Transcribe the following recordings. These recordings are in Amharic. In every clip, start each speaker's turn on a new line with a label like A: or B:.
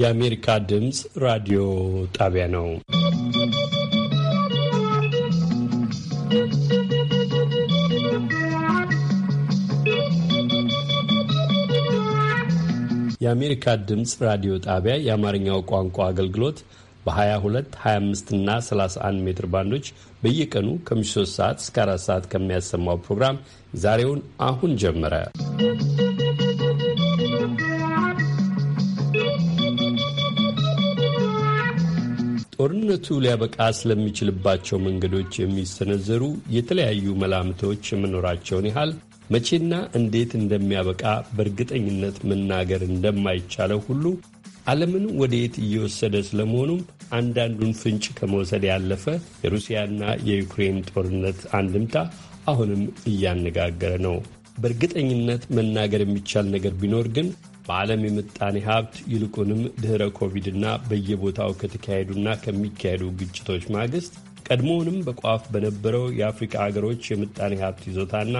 A: የአሜሪካ ድምፅ ራዲዮ ጣቢያ ነው። የአሜሪካ ድምፅ ራዲዮ ጣቢያ የአማርኛው ቋንቋ አገልግሎት በ22፣ 25 እና 31 ሜትር ባንዶች በየቀኑ ከ 3 ሰዓት እስከ 4 ሰዓት ከሚያሰማው ፕሮግራም ዛሬውን አሁን ጀመረ። ጦርነቱ ሊያበቃ ስለሚችልባቸው መንገዶች የሚሰነዘሩ የተለያዩ መላምቶች የመኖራቸውን ያህል መቼና እንዴት እንደሚያበቃ በእርግጠኝነት መናገር እንደማይቻለው ሁሉ ዓለምን ወደየት እየወሰደ ስለመሆኑም አንዳንዱን ፍንጭ ከመውሰድ ያለፈ የሩሲያና የዩክሬን ጦርነት አንድምታ አሁንም እያነጋገረ ነው። በእርግጠኝነት መናገር የሚቻል ነገር ቢኖር ግን በዓለም የምጣኔ ሀብት ይልቁንም ድኅረ ኮቪድና በየቦታው ከተካሄዱና ከሚካሄዱ ግጭቶች ማግስት ቀድሞውንም በቋፍ በነበረው የአፍሪካ አገሮች የምጣኔ ሀብት ይዞታና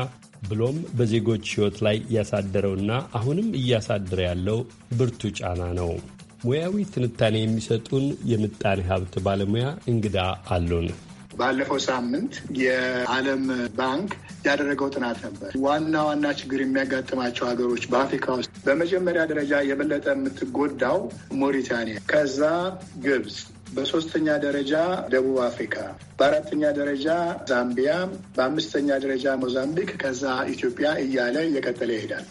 A: ብሎም በዜጎች ሕይወት ላይ እያሳደረውና አሁንም እያሳደረ ያለው ብርቱ ጫና ነው። ሙያዊ ትንታኔ የሚሰጡን የምጣኔ ሀብት ባለሙያ እንግዳ አሉን።
B: ባለፈው ሳምንት የዓለም ባንክ ያደረገው ጥናት ነበር። ዋና ዋና ችግር የሚያጋጥማቸው ሀገሮች በአፍሪካ ውስጥ በመጀመሪያ ደረጃ የበለጠ የምትጎዳው ሞሪታኒያ፣ ከዛ ግብፅ፣ በሶስተኛ ደረጃ ደቡብ አፍሪካ፣ በአራተኛ ደረጃ ዛምቢያ፣ በአምስተኛ ደረጃ ሞዛምቢክ፣ ከዛ ኢትዮጵያ እያለ እየቀጠለ ይሄዳል።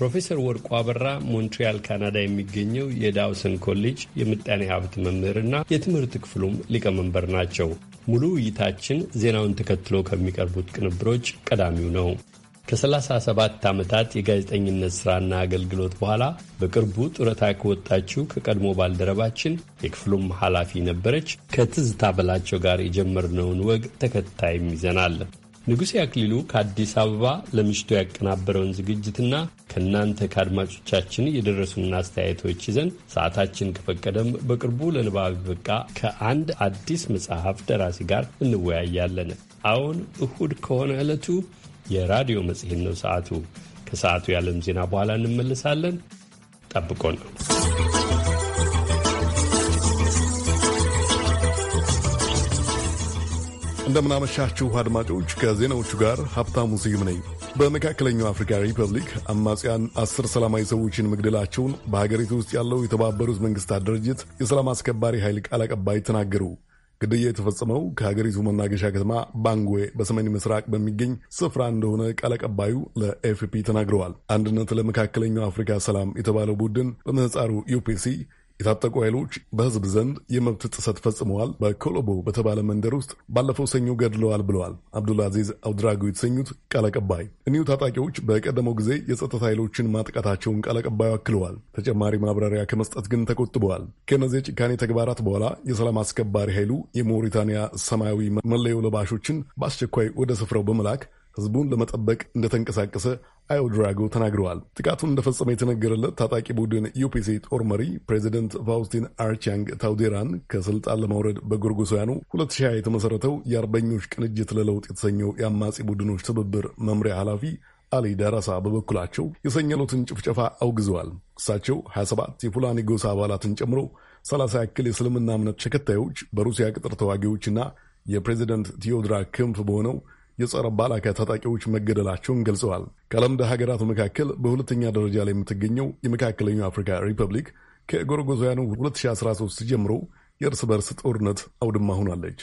A: ፕሮፌሰር ወርቁ አበራ ሞንትሪያል ካናዳ የሚገኘው የዳውሰን ኮሌጅ የምጣኔ ሀብት መምህርና የትምህርት ክፍሉም ሊቀመንበር ናቸው። ሙሉ ውይይታችን ዜናውን ተከትሎ ከሚቀርቡት ቅንብሮች ቀዳሚው ነው። ከ37 ዓመታት የጋዜጠኝነት ሥራና አገልግሎት በኋላ በቅርቡ ጡረታ ከወጣችው ከቀድሞ ባልደረባችን የክፍሉም ኃላፊ ነበረች ከትዝታ በላቸው ጋር የጀመርነውን ወግ ተከታይም ይዘናል። ንጉሴ አክሊሉ ከአዲስ አበባ ለምሽቱ ያቀናበረውን ዝግጅትና ከእናንተ ከአድማጮቻችን የደረሱን አስተያየቶች ይዘን ሰዓታችን ከፈቀደም በቅርቡ ለንባብ በቃ ከአንድ አዲስ መጽሐፍ ደራሲ ጋር እንወያያለን። አሁን እሁድ ከሆነ ዕለቱ የራዲዮ መጽሔት ነው። ሰዓቱ ከሰዓቱ የዓለም ዜና በኋላ እንመልሳለን። ጠብቆ ነው።
C: እንደምናመሻችሁ አድማጮች፣ ከዜናዎቹ ጋር ሀብታሙ ስዩም ነኝ። በመካከለኛው አፍሪካ ሪፐብሊክ አማጽያን አስር ሰላማዊ ሰዎችን መግደላቸውን በሀገሪቱ ውስጥ ያለው የተባበሩት መንግስታት ድርጅት የሰላም አስከባሪ ኃይል ቃል አቀባይ ተናገሩ። ግድያ የተፈጸመው ከሀገሪቱ መናገሻ ከተማ ባንጎዌ በሰሜን ምስራቅ በሚገኝ ስፍራ እንደሆነ ቃል አቀባዩ ለኤፍፒ ተናግረዋል። አንድነት ለመካከለኛው አፍሪካ ሰላም የተባለው ቡድን በምህፃሩ ዩፒሲ የታጠቁ ኃይሎች በህዝብ ዘንድ የመብት ጥሰት ፈጽመዋል፣ በኮሎቦ በተባለ መንደር ውስጥ ባለፈው ሰኞ ገድለዋል ብለዋል አዚዝ አውድራጎ የተሰኙት ቃል አቀባይ። እኒሁ ታጣቂዎች በቀደመው ጊዜ የጸጥታ ኃይሎችን ማጥቃታቸውን ቃል አቀባዩ አክለዋል። ተጨማሪ ማብራሪያ ከመስጠት ግን ተቆጥበዋል። ከነዚህ የጭካኔ ተግባራት በኋላ የሰላም አስከባሪ ኃይሉ የሞሪታንያ ሰማያዊ መለዮ ለባሾችን በአስቸኳይ ወደ ስፍራው በመላክ ህዝቡን ለመጠበቅ እንደተንቀሳቀሰ ድራጎ ተናግረዋል። ጥቃቱን እንደፈጸመ የተነገረለት ታጣቂ ቡድን ዩፒሲ ጦር መሪ ፕሬዚደንት ፋውስቲን አርቻንግ ታውዴራን ከስልጣን ለማውረድ በጎርጎሳውያኑ 2020 የተመሠረተው የአርበኞች ቅንጅት ለለውጥ የተሰኘው የአማጺ ቡድኖች ትብብር መምሪያ ኃላፊ አሊ ዳራሳ በበኩላቸው የሰኘሉትን ጭፍጨፋ አውግዘዋል። እሳቸው 27 የፉላኒ ጎሳ አባላትን ጨምሮ 30 ያክል የእስልምና እምነት ተከታዮች በሩሲያ ቅጥር ተዋጊዎችና የፕሬዚደንት ቲዮድራ ክንፍ በሆነው የጸረ ባላካ ታጣቂዎች መገደላቸውን ገልጸዋል። ከለምደ ሀገራት መካከል በሁለተኛ ደረጃ ላይ የምትገኘው የመካከለኛው አፍሪካ ሪፐብሊክ ከጎረጎዛያኑ 2013 ጀምሮ የእርስ በርስ ጦርነት አውድማ ሆናለች።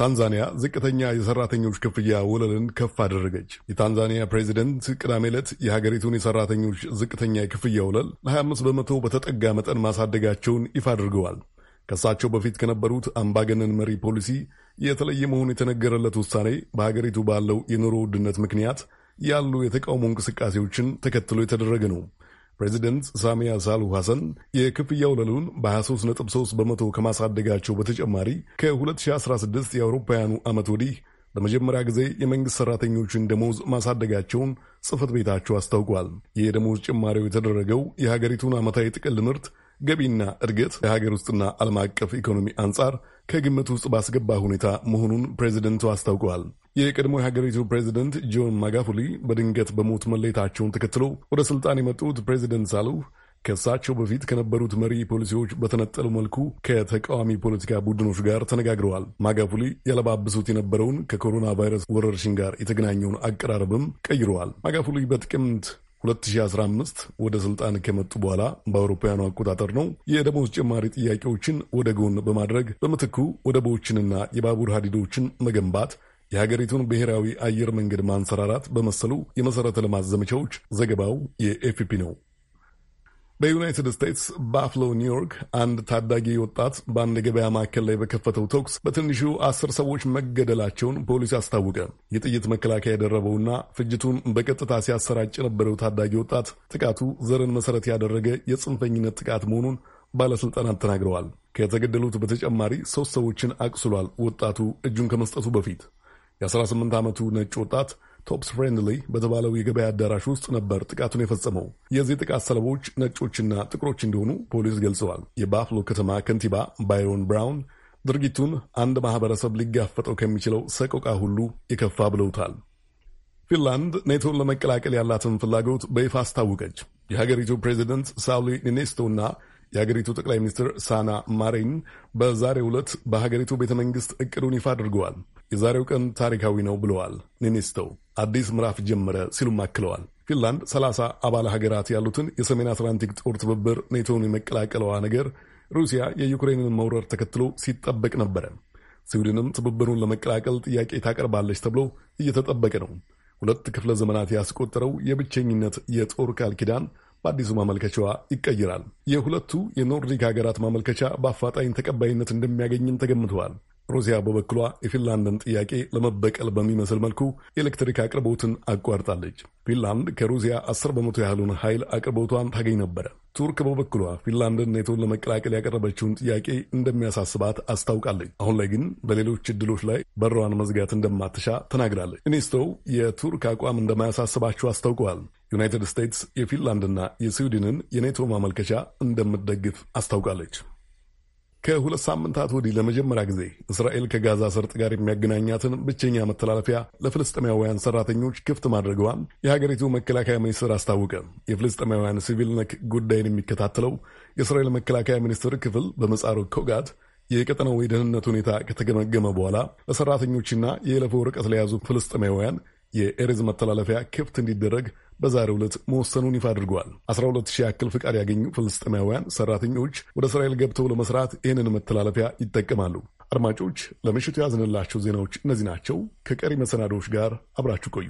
C: ታንዛኒያ ዝቅተኛ የሰራተኞች ክፍያ ወለልን ከፍ አደረገች። የታንዛኒያ ፕሬዚደንት ቅዳሜ ዕለት የሀገሪቱን የሰራተኞች ዝቅተኛ የክፍያ ወለል ለ25 በመቶ በተጠጋ መጠን ማሳደጋቸውን ይፋ አድርገዋል። ከእሳቸው በፊት ከነበሩት አምባገነን መሪ ፖሊሲ የተለየ መሆኑ የተነገረለት ውሳኔ በሀገሪቱ ባለው የኑሮ ውድነት ምክንያት ያሉ የተቃውሞ እንቅስቃሴዎችን ተከትሎ የተደረገ ነው። ፕሬዚደንት ሳሚያ ሳሉ ሐሰን የክፍያ ወለሉን በ23.3 በመቶ ከማሳደጋቸው በተጨማሪ ከ2016 የአውሮፓውያኑ ዓመት ወዲህ ለመጀመሪያ ጊዜ የመንግሥት ሠራተኞችን ደሞዝ ማሳደጋቸውን ጽፈት ቤታቸው አስታውቋል። ይህ ደሞዝ ጭማሪው የተደረገው የሀገሪቱን ዓመታዊ ጥቅል ምርት ገቢና እድገት የሀገር ውስጥና ዓለም አቀፍ ኢኮኖሚ አንጻር ከግምት ውስጥ ባስገባ ሁኔታ መሆኑን ፕሬዚደንቱ አስታውቀዋል። የቀድሞ የሀገሪቱ ፕሬዚደንት ጆን ማጋፉሊ በድንገት በሞት መለየታቸውን ተከትሎ ወደ ስልጣን የመጡት ፕሬዚደንት ሳሉህ ከእሳቸው በፊት ከነበሩት መሪ ፖሊሲዎች በተነጠሉ መልኩ ከተቃዋሚ ፖለቲካ ቡድኖች ጋር ተነጋግረዋል። ማጋፉሊ ያለባብሱት የነበረውን ከኮሮና ቫይረስ ወረርሽኝ ጋር የተገናኘውን አቀራረብም ቀይረዋል። ማጋፉሊ በጥቅምት 2015 ወደ ስልጣን ከመጡ በኋላ በአውሮፓውያኑ አቆጣጠር ነው የደሞዝ ጭማሪ ጥያቄዎችን ወደ ጎን በማድረግ በምትኩ ወደቦችንና የባቡር ሀዲዶችን መገንባት የሀገሪቱን ብሔራዊ አየር መንገድ ማንሰራራት በመሰሉ የመሠረተ ልማት ዘመቻዎች ዘገባው የኤፍፒ ነው። በዩናይትድ ስቴትስ ባፍሎ ኒውዮርክ አንድ ታዳጊ ወጣት በአንድ ገበያ ማዕከል ላይ በከፈተው ተኩስ በትንሹ አስር ሰዎች መገደላቸውን ፖሊስ አስታወቀ። የጥይት መከላከያ የደረበውና ፍጅቱን በቀጥታ ሲያሰራጭ የነበረው ታዳጊ ወጣት ጥቃቱ ዘርን መሠረት ያደረገ የጽንፈኝነት ጥቃት መሆኑን ባለስልጣናት ተናግረዋል። ከተገደሉት በተጨማሪ ሦስት ሰዎችን አቁስሏል። ወጣቱ እጁን ከመስጠቱ በፊት የ18 ዓመቱ ነጭ ወጣት ቶፕስ ፍሬንድሊ በተባለው የገበያ አዳራሽ ውስጥ ነበር ጥቃቱን የፈጸመው። የዚህ ጥቃት ሰለቦች ነጮችና ጥቁሮች እንደሆኑ ፖሊስ ገልጸዋል። የባፍሎ ከተማ ከንቲባ ባይሮን ብራውን ድርጊቱን አንድ ማህበረሰብ ሊጋፈጠው ከሚችለው ሰቆቃ ሁሉ የከፋ ብለውታል። ፊንላንድ ኔቶን ለመቀላቀል ያላትን ፍላጎት በይፋ አስታወቀች። የሀገሪቱ ፕሬዚደንት ሳውሊ ኒኔስቶና የሀገሪቱ ጠቅላይ ሚኒስትር ሳና ማሬን በዛሬው ዕለት በሀገሪቱ ቤተ መንግስት እቅዱን ይፋ አድርገዋል። የዛሬው ቀን ታሪካዊ ነው ብለዋል። ኒኒስተው አዲስ ምዕራፍ ጀመረ ሲሉም አክለዋል። ፊንላንድ ሰላሳ አባል ሀገራት ያሉትን የሰሜን አትላንቲክ ጦር ትብብር ኔቶን የመቀላቀለዋ ነገር ሩሲያ የዩክሬንን መውረር ተከትሎ ሲጠበቅ ነበረ። ስዊድንም ትብብሩን ለመቀላቀል ጥያቄ ታቀርባለች ተብሎ እየተጠበቀ ነው። ሁለት ክፍለ ዘመናት ያስቆጠረው የብቸኝነት የጦር ቃል ኪዳን በአዲሱ ማመልከቻዋ ይቀይራል። የሁለቱ የኖርዲክ ሀገራት ማመልከቻ በአፋጣኝ ተቀባይነት እንደሚያገኝም ተገምተዋል። ሩሲያ በበኩሏ የፊንላንድን ጥያቄ ለመበቀል በሚመስል መልኩ የኤሌክትሪክ አቅርቦትን አቋርጣለች። ፊንላንድ ከሩሲያ አስር በመቶ ያህሉን ኃይል አቅርቦቷን ታገኝ ነበረ። ቱርክ በበኩሏ ፊንላንድን ኔቶን ለመቀላቀል ያቀረበችውን ጥያቄ እንደሚያሳስባት አስታውቃለች። አሁን ላይ ግን በሌሎች እድሎች ላይ በሯን መዝጋት እንደማትሻ ተናግራለች። ኢኒስቶው የቱርክ አቋም እንደማያሳስባቸው አስታውቀዋል። ዩናይትድ ስቴትስ የፊንላንድና የስዊድንን የኔቶ ማመልከቻ እንደምትደግፍ አስታውቃለች። ከሁለት ሳምንታት ወዲህ ለመጀመሪያ ጊዜ እስራኤል ከጋዛ ሰርጥ ጋር የሚያገናኛትን ብቸኛ መተላለፊያ ለፍልስጥማውያን ሰራተኞች ክፍት ማድረገዋን የሀገሪቱ መከላከያ ሚኒስትር አስታወቀ። የፍልስጥማውያን ሲቪል ነክ ጉዳይን የሚከታተለው የእስራኤል መከላከያ ሚኒስትር ክፍል በመጻሩ ኮጋት የቀጠናው የደህንነት ሁኔታ ከተገመገመ በኋላ ለሰራተኞችና የለፈ ወረቀት ለያዙ ፍልስጥማውያን የኤሬዝ መተላለፊያ ክፍት እንዲደረግ በዛሬው ዕለት መወሰኑን ይፋ አድርገዋል። 12 ሺህ ያክል ፍቃድ ያገኙ ፍልስጤማውያን ሰራተኞች ወደ እስራኤል ገብተው ለመስራት ይህንን መተላለፊያ ይጠቀማሉ። አድማጮች፣ ለምሽቱ ያዝንላቸው ዜናዎች እነዚህ ናቸው። ከቀሪ መሰናዶዎች ጋር አብራችሁ ቆዩ።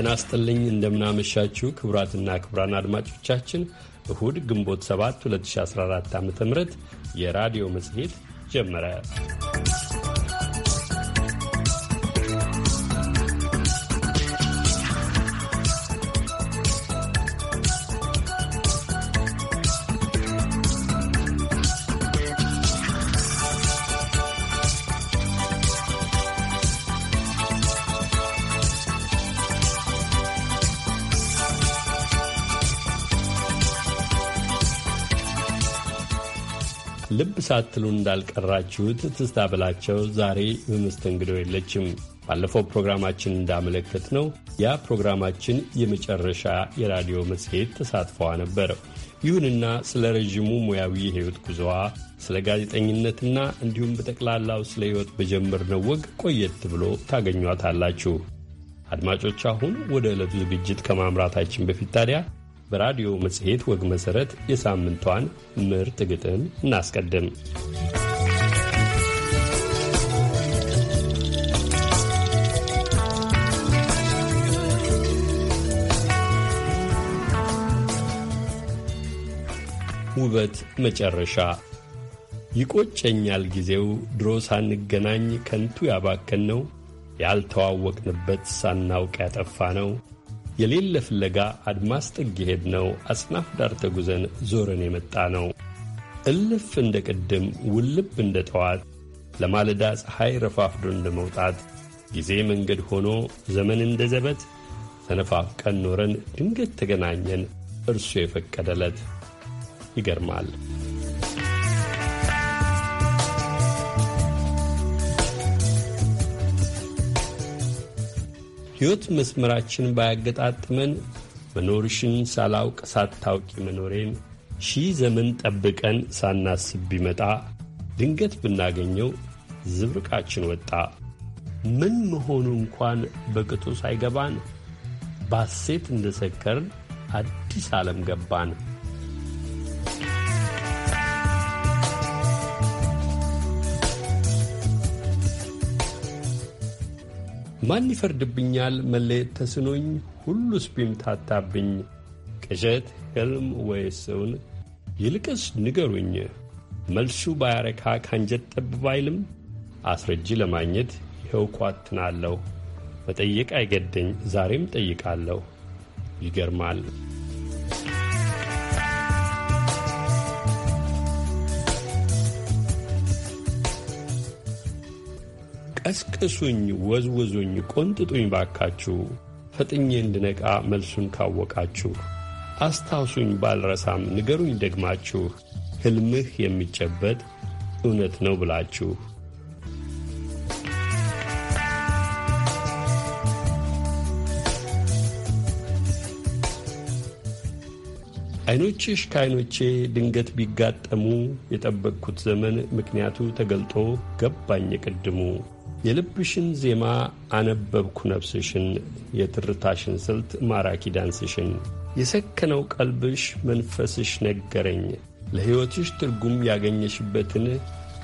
A: ጤና ይስጥልኝ እንደምናመሻችሁ ክቡራትና ክቡራን አድማጮቻችን እሁድ ግንቦት 7 2014 ዓ ም የራዲዮ መጽሔት ጀመረ። ልብ ሳትሉ እንዳልቀራችሁት ትስታ ብላቸው ዛሬ በመስተንግዶ የለችም። ባለፈው ፕሮግራማችን እንዳመለከት ነው ያ ፕሮግራማችን የመጨረሻ የራዲዮ መጽሔት ተሳትፈዋ ነበር። ይሁንና ስለ ረዥሙ ሙያዊ የሕይወት ጉዞዋ ስለ ጋዜጠኝነትና እንዲሁም በጠቅላላው ስለ ሕይወት በጀመርነው ወግ ቆየት ብሎ ታገኟታላችሁ። አድማጮች አሁን ወደ ዕለቱ ዝግጅት ከማምራታችን በፊት ታዲያ በራዲዮ መጽሔት ወግ መሠረት የሳምንቷን ምርጥ ግጥም እናስቀድም። ውበት መጨረሻ ይቆጨኛል ጊዜው ድሮ ሳንገናኝ ከንቱ ያባከን ነው ያልተዋወቅንበት ሳናውቅ ያጠፋ ነው የሌለ ፍለጋ አድማስ ጥግ የሄድ ነው አጽናፍ ዳር ተጉዘን ዞረን የመጣ ነው። እልፍ እንደ ቅድም ውልብ እንደ ጠዋት ለማለዳ ፀሐይ ረፋፍዶ እንደ መውጣት ጊዜ መንገድ ሆኖ ዘመን እንደ ዘበት ተነፋፍቀን ኖረን ድንገት ተገናኘን እርሱ የፈቀደለት ይገርማል። ሕይወት መስመራችን ባያገጣጥመን መኖርሽን ሳላውቅ ሳታውቂ መኖሬን ሺህ ዘመን ጠብቀን ሳናስብ ቢመጣ ድንገት ብናገኘው ዝብርቃችን ወጣ ምን መሆኑ እንኳን በቅጡ ሳይገባን ባሴት እንደ ሰከርን አዲስ ዓለም ገባን። ማን ይፈርድብኛል? መለየት ተስኖኝ ሁሉስ ቢምታታብኝ ቅዠት፣ ሕልም ወይስ እውን? ይልቅስ ንገሩኝ መልሱ ባያረካ ካንጀት ጠብ ባይልም አስረጂ ለማግኘት ይኸው ኳትናለሁ። መጠየቅ አይገደኝ ዛሬም ጠይቃለሁ። ይገርማል። ቀስቅሱኝ፣ ወዝውዙኝ፣ ቆንጥጡኝ ባካችሁ ፈጥኜ እንድነቃ መልሱን ካወቃችሁ አስታውሱኝ ባልረሳም ንገሩኝ ደግማችሁ ሕልምህ የሚጨበጥ እውነት ነው ብላችሁ ዐይኖችሽ ከዐይኖቼ ድንገት ቢጋጠሙ የጠበቅኩት ዘመን ምክንያቱ ተገልጦ ገባኝ ቅድሙ የልብሽን ዜማ አነበብኩ ነፍስሽን፣ የትርታሽን ስልት ማራኪ ዳንስሽን፣ የሰከነው ቀልብሽ መንፈስሽ ነገረኝ፣ ለሕይወትሽ ትርጉም ያገኘሽበትን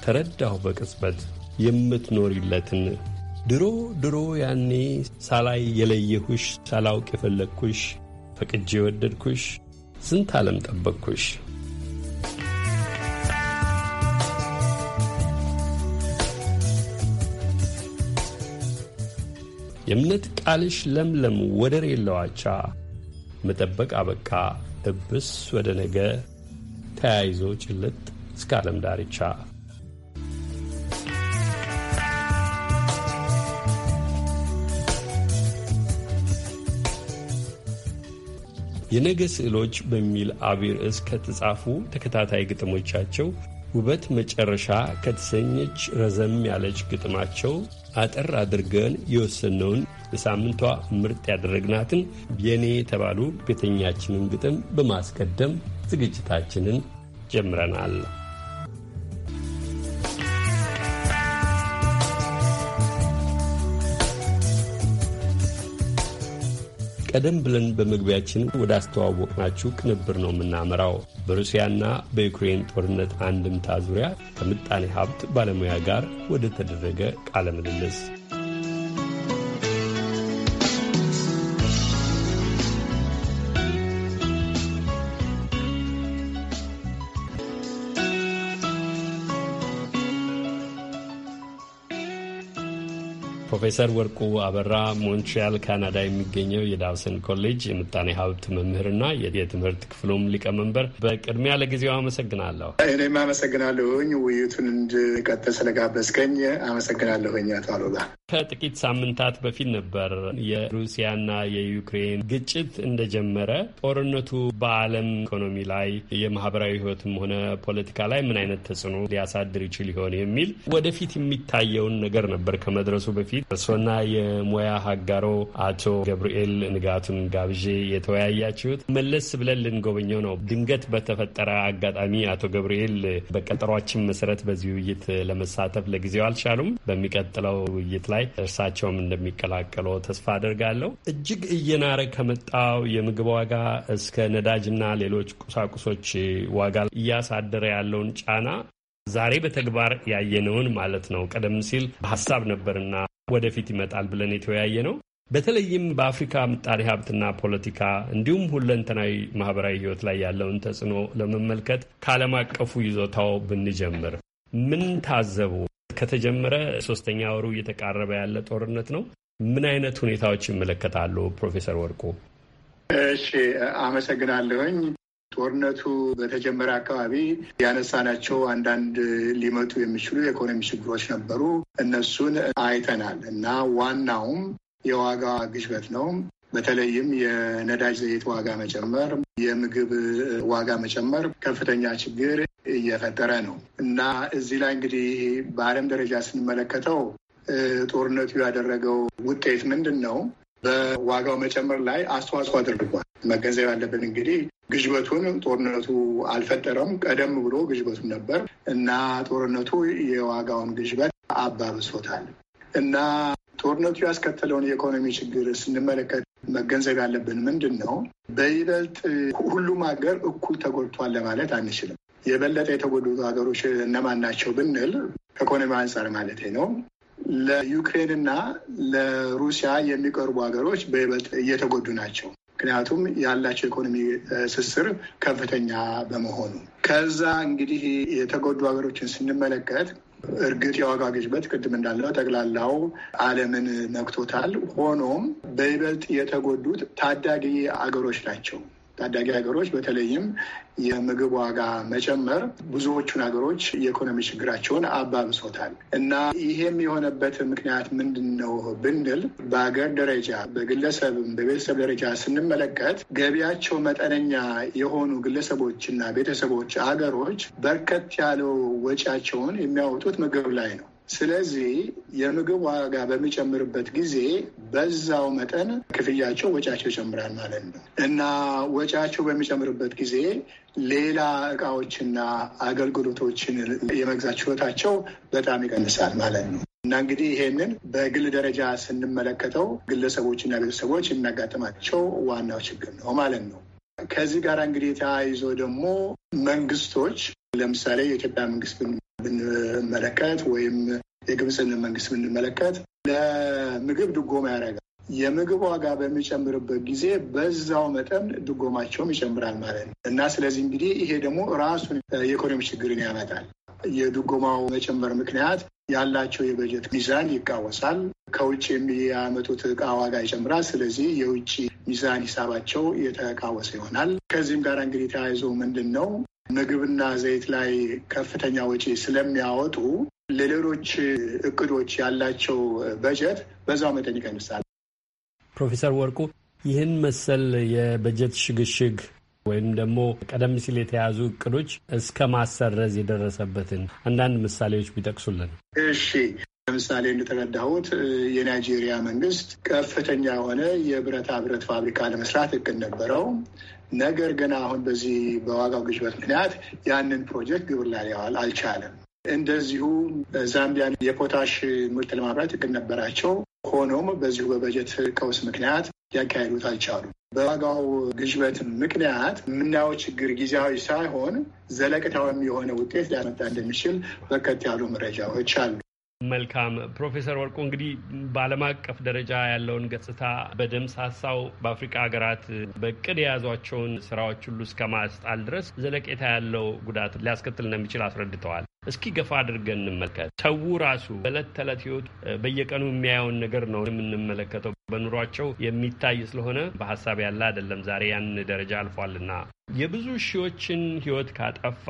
A: ተረዳሁ በቅጽበት የምትኖሪለትን ድሮ ድሮ ያኔ ሳላይ የለየሁሽ ሳላውቅ የፈለግኩሽ ፈቅጄ የወደድኩሽ ስንት ዓለም ጠበቅኩሽ የእምነት ቃልሽ ለምለም ወደር የለዋቻ መጠበቅ አበቃ እብስ ወደ ነገ ተያይዞ ጭልጥ እስከ ዓለም ዳርቻ የነገ ስዕሎች በሚል አቢር እስ ከተጻፉ ተከታታይ ግጥሞቻቸው ውበት መጨረሻ ከተሰኘች ረዘም ያለች ግጥማቸው አጠር አድርገን የወሰነውን የሳምንቷ ምርጥ ያደረግናትን የኔ የተባሉ ቤተኛችንን ግጥም በማስቀደም ዝግጅታችንን ጀምረናል። ቀደም ብለን በመግቢያችን ወደ አስተዋወቅናችሁ ቅንብር ነው የምናመራው። በሩሲያና በዩክሬን ጦርነት አንድምታ ዙሪያ ከምጣኔ ሀብት ባለሙያ ጋር ወደ ተደረገ ቃለ ምልልስ ፕሮፌሰር ወርቁ አበራ ሞንትሪያል ካናዳ የሚገኘው የዳውሰን ኮሌጅ የምጣኔ ሀብት መምህርና የትምህርት ክፍሉም ሊቀመንበር፣ በቅድሚያ ለጊዜው አመሰግናለሁ።
B: እኔም አመሰግናለሁኝ ውይይቱን እንድቀጥል ስለጋበዝከኝ አመሰግናለሁኝ አቶ አሉላ።
A: ከጥቂት ሳምንታት በፊት ነበር የሩሲያና የዩክሬን ግጭት እንደጀመረ። ጦርነቱ በዓለም ኢኮኖሚ ላይ የማህበራዊ ህይወትም ሆነ ፖለቲካ ላይ ምን አይነት ተጽዕኖ ሊያሳድር ይችል ይሆን የሚል ወደፊት የሚታየውን ነገር ነበር። ከመድረሱ በፊት እርስዎና የሙያ አጋሮ አቶ ገብርኤል ንጋቱን ጋብዤ የተወያያችሁት መለስ ብለን ልንጎበኘው ነው። ድንገት በተፈጠረ አጋጣሚ አቶ ገብርኤል በቀጠሯችን መሰረት በዚህ ውይይት ለመሳተፍ ለጊዜው አልቻሉም። በሚቀጥለው ውይይት ላይ እርሳቸውም እንደሚቀላቀሉ ተስፋ አድርጋለሁ። እጅግ እየናረ ከመጣው የምግብ ዋጋ እስከ ነዳጅና ሌሎች ቁሳቁሶች ዋጋ እያሳደረ ያለውን ጫና ዛሬ በተግባር ያየነውን ማለት ነው። ቀደም ሲል በሀሳብ ነበርና ወደፊት ይመጣል ብለን የተወያየ ነው። በተለይም በአፍሪካ ምጣኔ ሀብትና ፖለቲካ እንዲሁም ሁለንተናዊ ማህበራዊ ህይወት ላይ ያለውን ተጽዕኖ ለመመልከት ከዓለም አቀፉ ይዞታው ብንጀምር ምን ታዘቡ? ከተጀመረ ሶስተኛ ወሩ እየተቃረበ ያለ ጦርነት ነው። ምን አይነት ሁኔታዎች ይመለከታሉ ፕሮፌሰር ወርቁ?
B: እሺ አመሰግናለሁኝ። ጦርነቱ በተጀመረ አካባቢ ያነሳናቸው አንዳንድ ሊመጡ የሚችሉ የኢኮኖሚ ችግሮች ነበሩ። እነሱን አይተናል እና ዋናውም የዋጋ ግሽበት ነው። በተለይም የነዳጅ ዘይት ዋጋ መጨመር፣ የምግብ ዋጋ መጨመር ከፍተኛ ችግር እየፈጠረ ነው እና እዚህ ላይ እንግዲህ በዓለም ደረጃ ስንመለከተው ጦርነቱ ያደረገው ውጤት ምንድን ነው? በዋጋው መጨመር ላይ አስተዋጽኦ አድርጓል። መገንዘብ ያለብን እንግዲህ ግዥበቱን ጦርነቱ አልፈጠረም። ቀደም ብሎ ግዥበቱን ነበር እና ጦርነቱ የዋጋውን ግዥበት አባብሶታል እና ጦርነቱ ያስከተለውን የኢኮኖሚ ችግር ስንመለከት መገንዘብ ያለብን ምንድን ነው፣ በይበልጥ ሁሉም ሀገር እኩል ተጎድቷል ለማለት አንችልም። የበለጠ የተጎዱት ሀገሮች እነማን ናቸው ብንል ከኢኮኖሚ አንጻር ማለት ነው ለዩክሬንና ለሩሲያ የሚቀርቡ ሀገሮች በይበልጥ እየተጎዱ ናቸው። ምክንያቱም ያላቸው ኢኮኖሚ ስስር ከፍተኛ በመሆኑ ከዛ እንግዲህ የተጎዱ ሀገሮችን ስንመለከት እርግጥ የዋጋ ግሽበት ቅድም እንዳለው ጠቅላላው ዓለምን ነክቶታል። ሆኖም በይበልጥ የተጎዱት ታዳጊ አገሮች ናቸው። ታዳጊ ሀገሮች በተለይም የምግብ ዋጋ መጨመር ብዙዎቹን ሀገሮች የኢኮኖሚ ችግራቸውን አባብሶታል እና ይሄም የሆነበት ምክንያት ምንድን ነው ብንል በሀገር ደረጃ በግለሰብም በቤተሰብ ደረጃ ስንመለከት ገቢያቸው መጠነኛ የሆኑ ግለሰቦችና ቤተሰቦች ሀገሮች በርከት ያለው ወጪያቸውን የሚያወጡት ምግብ ላይ ነው። ስለዚህ የምግብ ዋጋ በሚጨምርበት ጊዜ በዛው መጠን ክፍያቸው ወጫቸው ይጨምራል ማለት ነው እና ወጫቸው በሚጨምርበት ጊዜ ሌላ እቃዎችና አገልግሎቶችን የመግዛት ችሎታቸው በጣም ይቀንሳል ማለት ነው እና እንግዲህ ይሄንን በግል ደረጃ ስንመለከተው ግለሰቦችና ቤተሰቦች የሚያጋጥማቸው ዋናው ችግር ነው ማለት ነው። ከዚህ ጋር እንግዲህ ተያይዞ ደግሞ መንግስቶች ለምሳሌ የኢትዮጵያ መንግስት ብንመለከት ወይም የግብፅን መንግስት ብንመለከት ለምግብ ድጎማ ያደርጋል። የምግብ ዋጋ በሚጨምርበት ጊዜ በዛው መጠን ድጎማቸውም ይጨምራል ማለት ነው እና ስለዚህ እንግዲህ ይሄ ደግሞ ራሱን የኢኮኖሚ ችግርን ያመጣል። የድጎማው መጨመር ምክንያት ያላቸው የበጀት ሚዛን ይቃወሳል። ከውጭ የሚያመጡት እቃ ዋጋ ይጨምራል። ስለዚህ የውጭ ሚዛን ሂሳባቸው የተቃወሰ ይሆናል። ከዚህም ጋር እንግዲህ ተያይዞ ምንድን ነው ምግብና ዘይት ላይ ከፍተኛ ወጪ ስለሚያወጡ ለሌሎች እቅዶች ያላቸው በጀት በዛው መጠን ይቀንሳል።
A: ፕሮፌሰር ወርቁ ይህን መሰል የበጀት ሽግሽግ ወይም ደግሞ ቀደም ሲል የተያዙ እቅዶች እስከ ማሰረዝ የደረሰበትን አንዳንድ ምሳሌዎች ቢጠቅሱልን።
B: እሺ፣ ለምሳሌ እንደተረዳሁት የናይጄሪያ መንግስት ከፍተኛ የሆነ የብረታ ብረት ፋብሪካ ለመስራት እቅድ ነበረው። ነገር ግን አሁን በዚህ በዋጋው ግሽበት ምክንያት ያንን ፕሮጀክት ግብር ላይ ያዋል አልቻለም። እንደዚሁ ዛምቢያ የፖታሽ ምርት ለማምረት እቅድ ነበራቸው። ሆኖም በዚሁ በበጀት ቀውስ ምክንያት ያካሄዱት አልቻሉ በዋጋው ግሽበት ምክንያት የምናየው ችግር ጊዜያዊ ሳይሆን ዘለቅታዊም የሆነ ውጤት ሊያመጣ እንደሚችል በርከት ያሉ መረጃዎች አሉ።
A: መልካም ፕሮፌሰር ወርቁ እንግዲህ በዓለም አቀፍ ደረጃ ያለውን ገጽታ በደምስ ሀሳው በአፍሪካ ሀገራት በቅድ የያዟቸውን ስራዎች ሁሉ እስከ ማስጣል ድረስ ዘለቄታ ያለው ጉዳት ሊያስከትል እንደሚችል አስረድተዋል። እስኪ ገፋ አድርገን እንመልከት። ሰው ራሱ በዕለት ተዕለት ህይወቱ በየቀኑ የሚያየውን ነገር ነው የምንመለከተው። በኑሯቸው የሚታይ ስለሆነ በሀሳብ ያለ አይደለም። ዛሬ ያን ደረጃ አልፏልና የብዙ ሺዎችን ህይወት ካጠፋ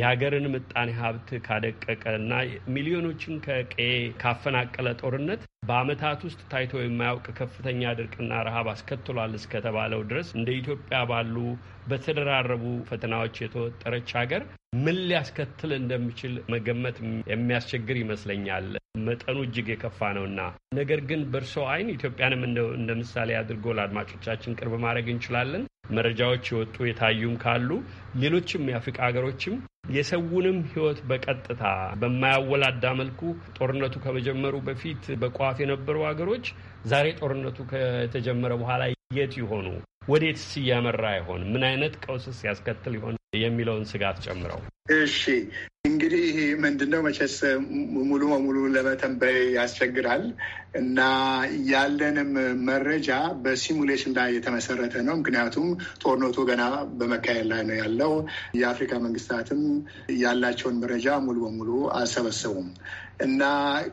A: የሀገርን ምጣኔ ሀብት ካደቀቀ እና ሚሊዮኖችን ከቀዬ ካፈናቀለ ጦርነት በዓመታት ውስጥ ታይቶ የማያውቅ ከፍተኛ ድርቅና ረሃብ አስከትሏል እስከተባለው ድረስ እንደ ኢትዮጵያ ባሉ በተደራረቡ ፈተናዎች የተወጠረች ሀገር ምን ሊያስከትል እንደሚችል መገመት የሚያስቸግር ይመስለኛል። መጠኑ እጅግ የከፋ ነውና፣ ነገር ግን በእርስዎ አይን ኢትዮጵያንም እንደ ምሳሌ አድርጎ ለአድማጮቻችን ቅርብ ማድረግ እንችላለን። መረጃዎች የወጡ የታዩም ካሉ ሌሎችም የአፍሪቃ ሀገሮችም የሰውንም ህይወት በቀጥታ በማያወላዳ መልኩ ጦርነቱ ከመጀመሩ በፊት በቋፍ የነበሩ ሀገሮች ዛሬ ጦርነቱ ከተጀመረ በኋላ የት ይሆኑ? ወዴትስ እያመራ ይሆን? ምን አይነት ቀውስስ ያስከትል ይሆን የሚለውን ስጋት ጨምረው።
B: እሺ እንግዲህ ምንድነው መቼስ ሙሉ በሙሉ ለመተንበይ ያስቸግራል እና ያለንም መረጃ በሲሙሌሽን ላይ የተመሰረተ ነው። ምክንያቱም ጦርነቱ ገና በመካሄድ ላይ ነው ያለው። የአፍሪካ መንግስታትም ያላቸውን መረጃ ሙሉ በሙሉ አልሰበሰቡም እና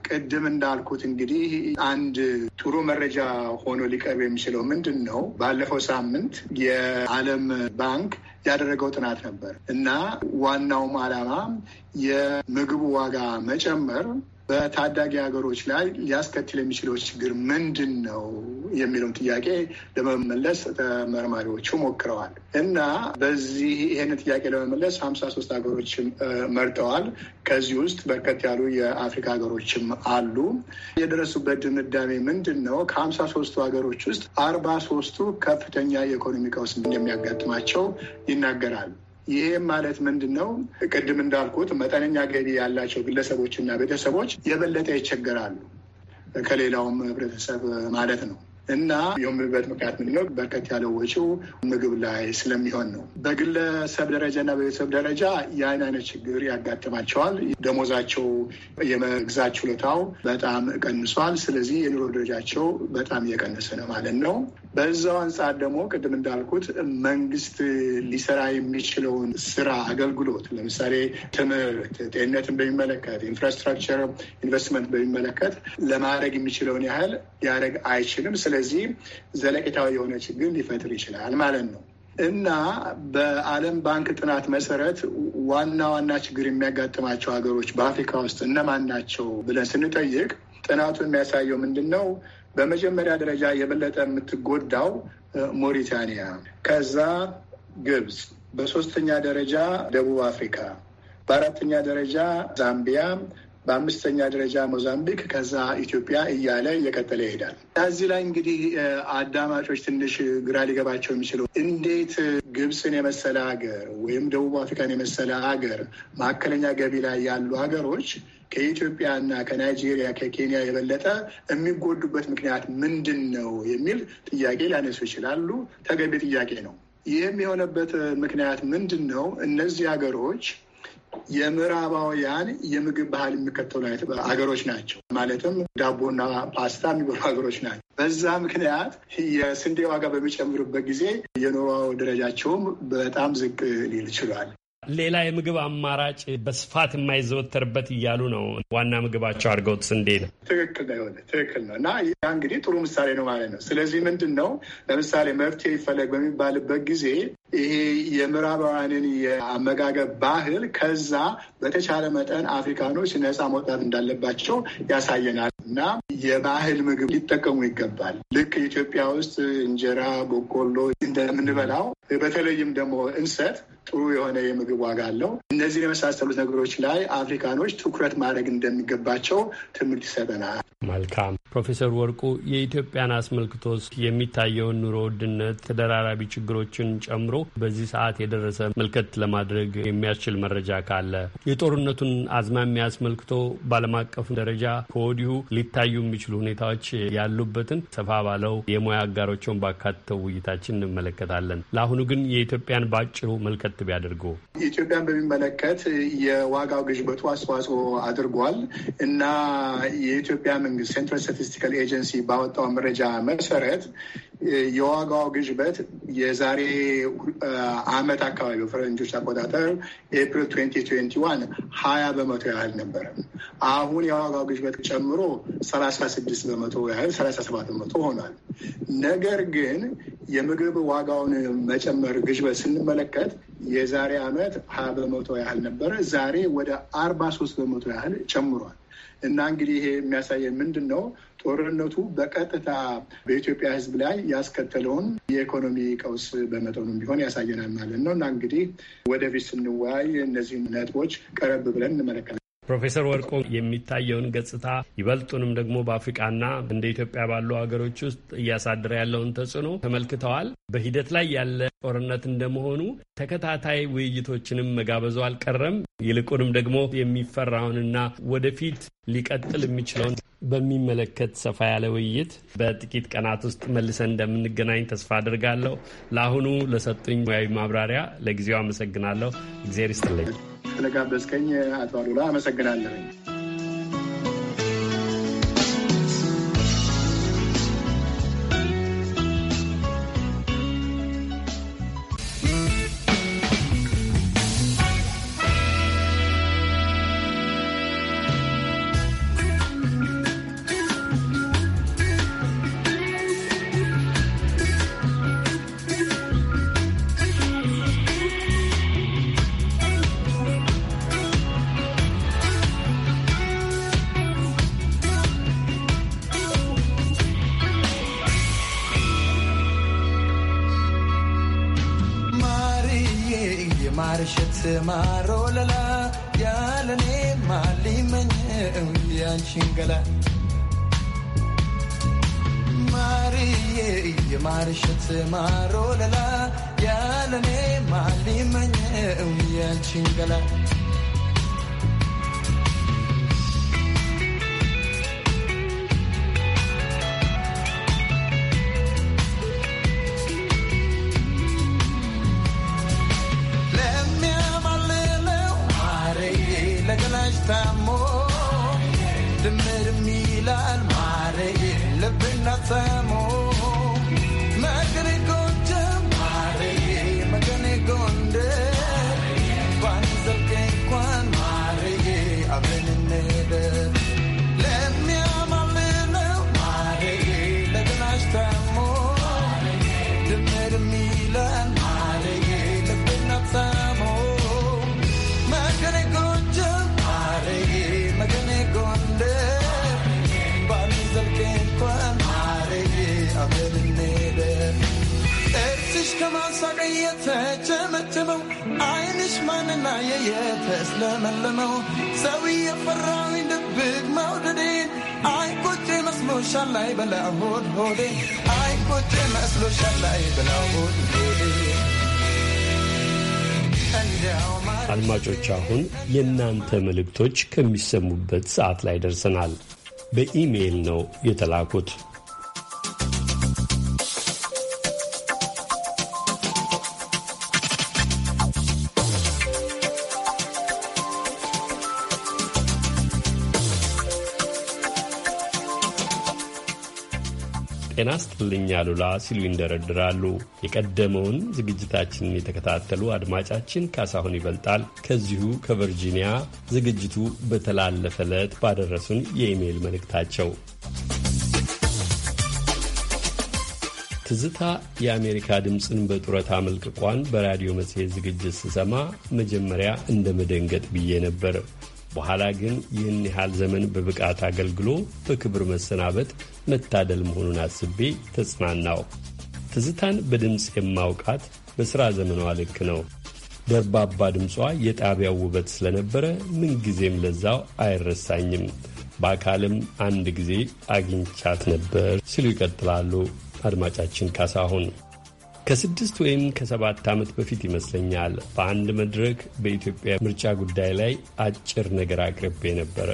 B: ቅድም እንዳልኩት እንግዲህ አንድ ጥሩ መረጃ ሆኖ ሊቀርብ የሚችለው ምንድን ነው ባለፈው ሳምንት የዓለም ባንክ ያደረገው ጥናት ነበር እና ዋናውም ዓላማ የምግቡ ዋጋ መጨመር በታዳጊ ሀገሮች ላይ ሊያስከትል የሚችለው ችግር ምንድን ነው የሚለውን ጥያቄ ለመመለስ ተመርማሪዎቹ ሞክረዋል እና በዚህ ይህንን ጥያቄ ለመመለስ ሀምሳ ሶስት ሀገሮች መርጠዋል። ከዚህ ውስጥ በርከት ያሉ የአፍሪካ ሀገሮችም አሉ። የደረሱበት ድምዳሜ ምንድን ነው? ከሀምሳ ሶስቱ ሀገሮች ውስጥ አርባ ሶስቱ ከፍተኛ የኢኮኖሚ ቀውስ እንደሚያጋጥማቸው ይናገራል። ይህም ማለት ምንድን ነው? ቅድም እንዳልኩት መጠነኛ ገቢ ያላቸው ግለሰቦችና ቤተሰቦች የበለጠ ይቸገራሉ ከሌላውም ህብረተሰብ ማለት ነው። እና የሚበት ምክንያት ምንድነው? በርከት ያለው ወጪው ምግብ ላይ ስለሚሆን ነው። በግለሰብ ደረጃ እና በቤተሰብ ደረጃ የአይን አይነት ችግር ያጋጥማቸዋል። ደሞዛቸው የመግዛት ችሎታው በጣም ቀንሷል። ስለዚህ የኑሮ ደረጃቸው በጣም እየቀነሰ ነው ማለት ነው። በዛው አንጻር ደግሞ ቅድም እንዳልኩት መንግስት ሊሰራ የሚችለውን ስራ አገልግሎት፣ ለምሳሌ ትምህርት፣ ጤንነትን በሚመለከት ኢንፍራስትራክቸር ኢንቨስትመንት በሚመለከት ለማድረግ የሚችለውን ያህል ሊያደረግ አይችልም። ስለዚህ ዘለቄታዊ የሆነ ችግር ሊፈጥር ይችላል ማለት ነው እና በዓለም ባንክ ጥናት መሰረት ዋና ዋና ችግር የሚያጋጥማቸው ሀገሮች በአፍሪካ ውስጥ እነማን ናቸው ብለን ስንጠይቅ ጥናቱ የሚያሳየው ምንድን ነው? በመጀመሪያ ደረጃ የበለጠ የምትጎዳው ሞሪታኒያ፣ ከዛ ግብፅ፣ በሶስተኛ ደረጃ ደቡብ አፍሪካ፣ በአራተኛ ደረጃ ዛምቢያ፣ በአምስተኛ ደረጃ ሞዛምቢክ፣ ከዛ ኢትዮጵያ እያለ እየቀጠለ ይሄዳል። ከዚህ ላይ እንግዲህ አዳማጮች ትንሽ ግራ ሊገባቸው የሚችለው እንዴት ግብፅን የመሰለ ሀገር ወይም ደቡብ አፍሪካን የመሰለ ሀገር መካከለኛ ገቢ ላይ ያሉ ሀገሮች ከኢትዮጵያ ና ከናይጄሪያ ከኬንያ የበለጠ የሚጎዱበት ምክንያት ምንድን ነው የሚል ጥያቄ ሊያነሱ ይችላሉ። ተገቢ ጥያቄ ነው። ይህም የሆነበት ምክንያት ምንድን ነው? እነዚህ ሀገሮች የምዕራባውያን የምግብ ባህል የሚከተሉ አይነት ሀገሮች ናቸው። ማለትም ዳቦና ፓስታ የሚበሉ ሀገሮች ናቸው። በዛ ምክንያት የስንዴ ዋጋ በሚጨምርበት ጊዜ የኑሮ ደረጃቸውም በጣም ዝቅ ሊል ይችላል።
A: ሌላ የምግብ አማራጭ በስፋት የማይዘወተርበት እያሉ ነው። ዋና ምግባቸው አድርገውት ስንዴ ነው።
B: ትክክል ነው። ትክክል ነው። እና ያ እንግዲህ ጥሩ ምሳሌ ነው ማለት ነው። ስለዚህ ምንድን ነው ለምሳሌ መፍትሄ ይፈለግ በሚባልበት ጊዜ ይሄ የምዕራባውያንን የአመጋገብ ባህል ከዛ በተቻለ መጠን አፍሪካኖች ነፃ መውጣት እንዳለባቸው ያሳየናል እና የባህል ምግብ ሊጠቀሙ ይገባል። ልክ ኢትዮጵያ ውስጥ እንጀራ፣ በቆሎ እንደምንበላው በተለይም ደግሞ እንሰት ጥሩ የሆነ የምግብ ዋጋ አለው። እነዚህን የመሳሰሉት ነገሮች ላይ አፍሪካኖች ትኩረት ማድረግ እንደሚገባቸው ትምህርት ይሰጠናል።
A: መልካም ፕሮፌሰር ወርቁ የኢትዮጵያን አስመልክቶ የሚታየውን ኑሮ ውድነት፣ ተደራራቢ ችግሮችን ጨምሮ በዚህ ሰዓት የደረሰ መልከት ለማድረግ የሚያስችል መረጃ ካለ የጦርነቱን አዝማሚያ አስመልክቶ በዓለም አቀፍ ደረጃ ከወዲሁ ሊታዩ የሚችሉ ሁኔታዎች ያሉበትን ሰፋ ባለው የሙያ አጋሮችን ባካተው ውይይታችን እንመለከታለን። ለአሁኑ ግን የኢትዮጵያን በአጭሩ መልከት ተት ቢያደርጉ
B: ኢትዮጵያን በሚመለከት የዋጋው ግሽበቱ አስተዋጽኦ አድርጓል እና የኢትዮጵያ መንግስት ሴንትራል ስታቲስቲካል ኤጀንሲ ባወጣው መረጃ መሰረት የዋጋው ግሽበት የዛሬ አመት አካባቢ በፈረንጆች አቆጣጠር ኤፕሪል 2021 ሀያ በመቶ ያህል ነበረ። አሁን የዋጋው ግሽበት ጨምሮ 36 በመቶ ያህል 37 በመቶ ሆኗል። ነገር ግን የምግብ ዋጋውን መጨመር ግሽበት ስንመለከት የዛሬ አመት ሀያ በመቶ ያህል ነበረ። ዛሬ ወደ 43 በመቶ ያህል ጨምሯል። እና እንግዲህ ይሄ የሚያሳየን ምንድን ነው? ጦርነቱ በቀጥታ በኢትዮጵያ ሕዝብ ላይ ያስከተለውን የኢኮኖሚ ቀውስ በመጠኑም ቢሆን ያሳየናል ማለት ነው። እና እንግዲህ ወደፊት ስንወያይ እነዚህን ነጥቦች ቀረብ ብለን እንመለከታል
A: ፕሮፌሰር ወርቆ የሚታየውን ገጽታ ይበልጡንም ደግሞ በአፍሪቃና እንደ ኢትዮጵያ ባሉ ሀገሮች ውስጥ እያሳደረ ያለውን ተጽዕኖ ተመልክተዋል። በሂደት ላይ ያለ ጦርነት እንደመሆኑ ተከታታይ ውይይቶችንም መጋበዙ አልቀረም። ይልቁንም ደግሞ የሚፈራውንና ወደፊት ሊቀጥል የሚችለውን በሚመለከት ሰፋ ያለ ውይይት በጥቂት ቀናት ውስጥ መልሰን እንደምንገናኝ ተስፋ አድርጋለሁ። ለአሁኑ ለሰጡኝ ሙያዊ ማብራሪያ ለጊዜው አመሰግናለሁ። እግዜር ይስጥልኝ።
B: ስለጋበዝከኝ አቶ አሉላ አመሰግናለሁኝ።
D: በስቃይ የተጀመጀመው ዓይንሽ ማንና የየተስለመለመው ሰው የፈራዊ ድብቅ መውደዴን አይ ቁጭ መስሎሻል ላይ በላ ሆድ ሆዴ አይ መስሎሻል ላይ በላ ሆድ
A: አድማጮች አሁን የእናንተ መልእክቶች ከሚሰሙበት ሰዓት ላይ ደርሰናል። በኢሜይል ነው የተላኩት። ጤና ስጥልኝ አሉላ ሲሉ ይንደረድራሉ። የቀደመውን ዝግጅታችንን የተከታተሉ አድማጫችን ካሳሁን ይበልጣል ከዚሁ ከቨርጂኒያ ዝግጅቱ በተላለፈ ዕለት ባደረሱን የኢሜይል መልእክታቸው ትዝታ የአሜሪካ ድምፅን በጡረታ መልቅቋን በራዲዮ መጽሔት ዝግጅት ስሰማ መጀመሪያ እንደ መደንገጥ ብዬ ነበር። በኋላ ግን ይህን ያህል ዘመን በብቃት አገልግሎ በክብር መሰናበት መታደል መሆኑን አስቤ ተጽናናው። ትዝታን በድምፅ የማውቃት በሥራ ዘመኗ ልክ ነው። ደርባባ ድምጿ የጣቢያው ውበት ስለነበረ ምንጊዜም ለዛው አይረሳኝም። በአካልም አንድ ጊዜ አግኝቻት ነበር ሲሉ ይቀጥላሉ አድማጫችን ካሳሁን። ከስድስት ወይም ከሰባት ዓመት በፊት ይመስለኛል በአንድ መድረክ በኢትዮጵያ ምርጫ ጉዳይ ላይ አጭር ነገር አቅርቤ ነበረ።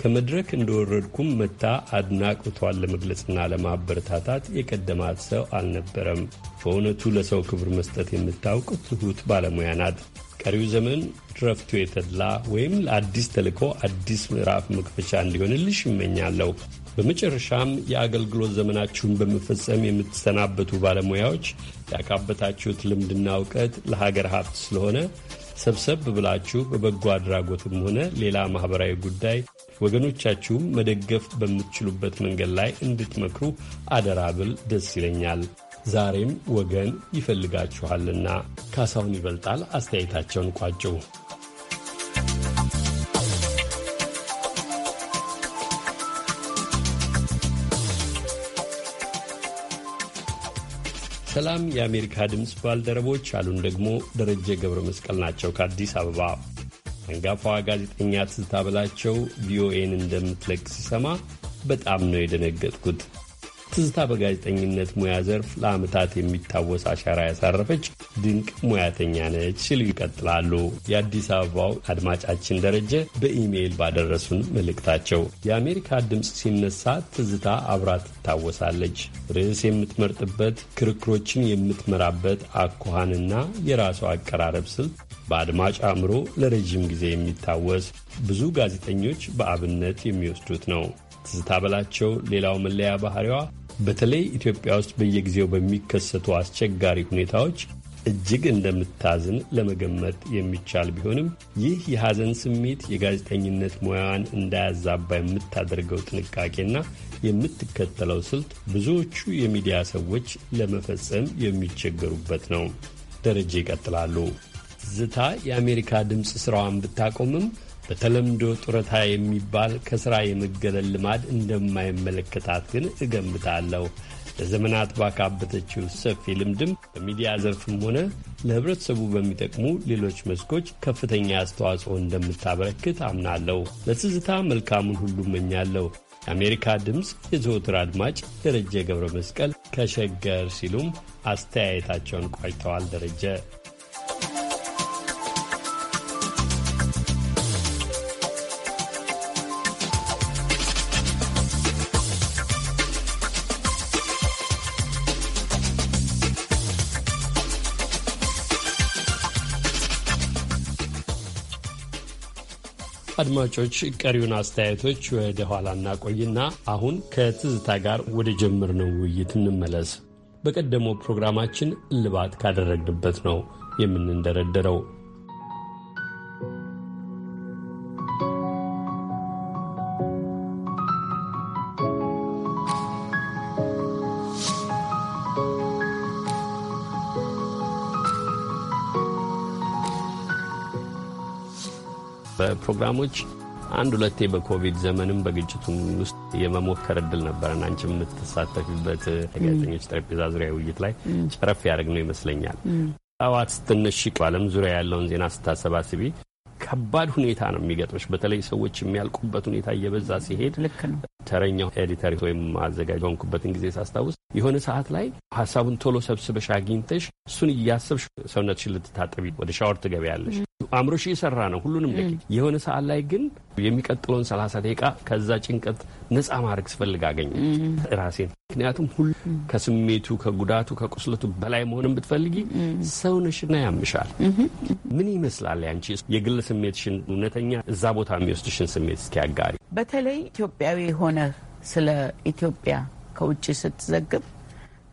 A: ከመድረክ እንደወረድኩም መታ አድናቆቷን ለመግለጽና ለማበረታታት የቀደማት ሰው አልነበረም። በእውነቱ ለሰው ክብር መስጠት የምታውቅ ትሑት ባለሙያ ናት። ቀሪው ዘመን ድረፍቱ የተድላ ወይም ለአዲስ ተልዕኮ አዲስ ምዕራፍ መክፈቻ እንዲሆንልሽ ይመኛለሁ። በመጨረሻም የአገልግሎት ዘመናችሁን በመፈጸም የምትሰናበቱ ባለሙያዎች ያካበታችሁት ልምድና እውቀት ለሀገር ሀብት ስለሆነ ሰብሰብ ብላችሁ በበጎ አድራጎትም ሆነ ሌላ ማኅበራዊ ጉዳይ ወገኖቻችሁም መደገፍ በምትችሉበት መንገድ ላይ እንድትመክሩ አደራ ብል ደስ ይለኛል። ዛሬም ወገን ይፈልጋችኋልና። ካሳሁን ይበልጣል አስተያየታቸውን ቋጭው። ሰላም የአሜሪካ ድምፅ ባልደረቦች አሉን ደግሞ ደረጀ ገብረ መስቀል ናቸው ከአዲስ አበባ። አንጋፋዋ ጋዜጠኛ ትዝታ በላቸው ቪኦኤን እንደምትለቅ ሲሰማ በጣም ነው የደነገጥኩት። ትዝታ በጋዜጠኝነት ሙያ ዘርፍ ለዓመታት የሚታወስ አሻራ ያሳረፈች ድንቅ ሙያተኛ ነች ሲሉ ይቀጥላሉ የአዲስ አበባው አድማጫችን ደረጀ በኢሜይል ባደረሱን መልእክታቸው። የአሜሪካ ድምፅ ሲነሳ ትዝታ አብራ ትታወሳለች። ርዕስ የምትመርጥበት ክርክሮችን የምትመራበት አኳኋንና የራሷ አቀራረብ ስልት በአድማጭ አእምሮ ለረዥም ጊዜ የሚታወስ ብዙ ጋዜጠኞች በአብነት የሚወስዱት ነው። ትዝታ በላቸው ሌላው መለያ ባህሪዋ በተለይ ኢትዮጵያ ውስጥ በየጊዜው በሚከሰቱ አስቸጋሪ ሁኔታዎች እጅግ እንደምታዝን ለመገመት የሚቻል ቢሆንም ይህ የሐዘን ስሜት የጋዜጠኝነት ሙያዋን እንዳያዛባ የምታደርገው ጥንቃቄና የምትከተለው ስልት ብዙዎቹ የሚዲያ ሰዎች ለመፈጸም የሚቸገሩበት ነው። ደረጃ ይቀጥላሉ። ዝታ የአሜሪካ ድምፅ ስራዋን ብታቆምም በተለምዶ ጡረታ የሚባል ከሥራ የመገለል ልማድ እንደማይመለከታት ግን እገምታለሁ። ለዘመናት ባካበተችው ሰፊ ልምድም በሚዲያ ዘርፍም ሆነ ለህብረተሰቡ በሚጠቅሙ ሌሎች መስኮች ከፍተኛ አስተዋጽኦ እንደምታበረክት አምናለሁ። ለትዝታ መልካሙን ሁሉ እመኛለሁ። የአሜሪካ ድምፅ የዘወትር አድማጭ ደረጀ ገብረ መስቀል ከሸገር ሲሉም አስተያየታቸውን ቋጭተዋል። ደረጀ አድማጮች ቀሪውን አስተያየቶች ወደ ኋላ እናቆይና አሁን ከትዝታ ጋር ወደ ጀመርነው ውይይት እንመለስ። በቀደመው ፕሮግራማችን እልባት ካደረግንበት ነው የምንንደረደረው። ፕሮግራሞች አንድ ሁለቴ በኮቪድ ዘመንም በግጭቱም ውስጥ የመሞከር እድል ነበረን። አንቺ የምትሳተፊበት ጋዜጠኞች ጠረጴዛ ዙሪያ ውይይት ላይ ጨረፍ ያደረግ ነው ይመስለኛል። ጠዋት ስትነሺ ዓለም ዙሪያ ያለውን ዜና ስታሰባስቢ ከባድ ሁኔታ ነው የሚገጥምሽ። በተለይ ሰዎች የሚያልቁበት ሁኔታ እየበዛ ሲሄድ ልክ ነው። ተረኛው ኤዲተር ወይም አዘጋጅ ሆንኩበትን ጊዜ ሳስታውስ የሆነ ሰዓት ላይ ሀሳቡን ቶሎ ሰብስበሽ አግኝተሽ እሱን እያሰብሽ ሰውነትሽ ልትታጠቢ ወደ ሻወር ትገቢያለሽ። አእምሮሽ እየሰራ ነው ሁሉንም ደቂ የሆነ ሰዓት ላይ ግን የሚቀጥለውን ሰላሳ ደቂቃ ከዛ ጭንቀት ነፃ ማድረግ ስፈልግ አገኘች ራሴን ምክንያቱም ሁሉ ከስሜቱ ከጉዳቱ ከቁስለቱ በላይ መሆንን ብትፈልጊ ሰውነሽና ያምሻል። ምን ይመስላል ያንቺ የግል ስሜትሽን እውነተኛ እዛ ቦታ የሚወስድሽን ስሜት ያጋሪ።
E: በተለይ ኢትዮጵያዊ የሆነ ስለ ኢትዮጵያ ከውጭ ስትዘግብ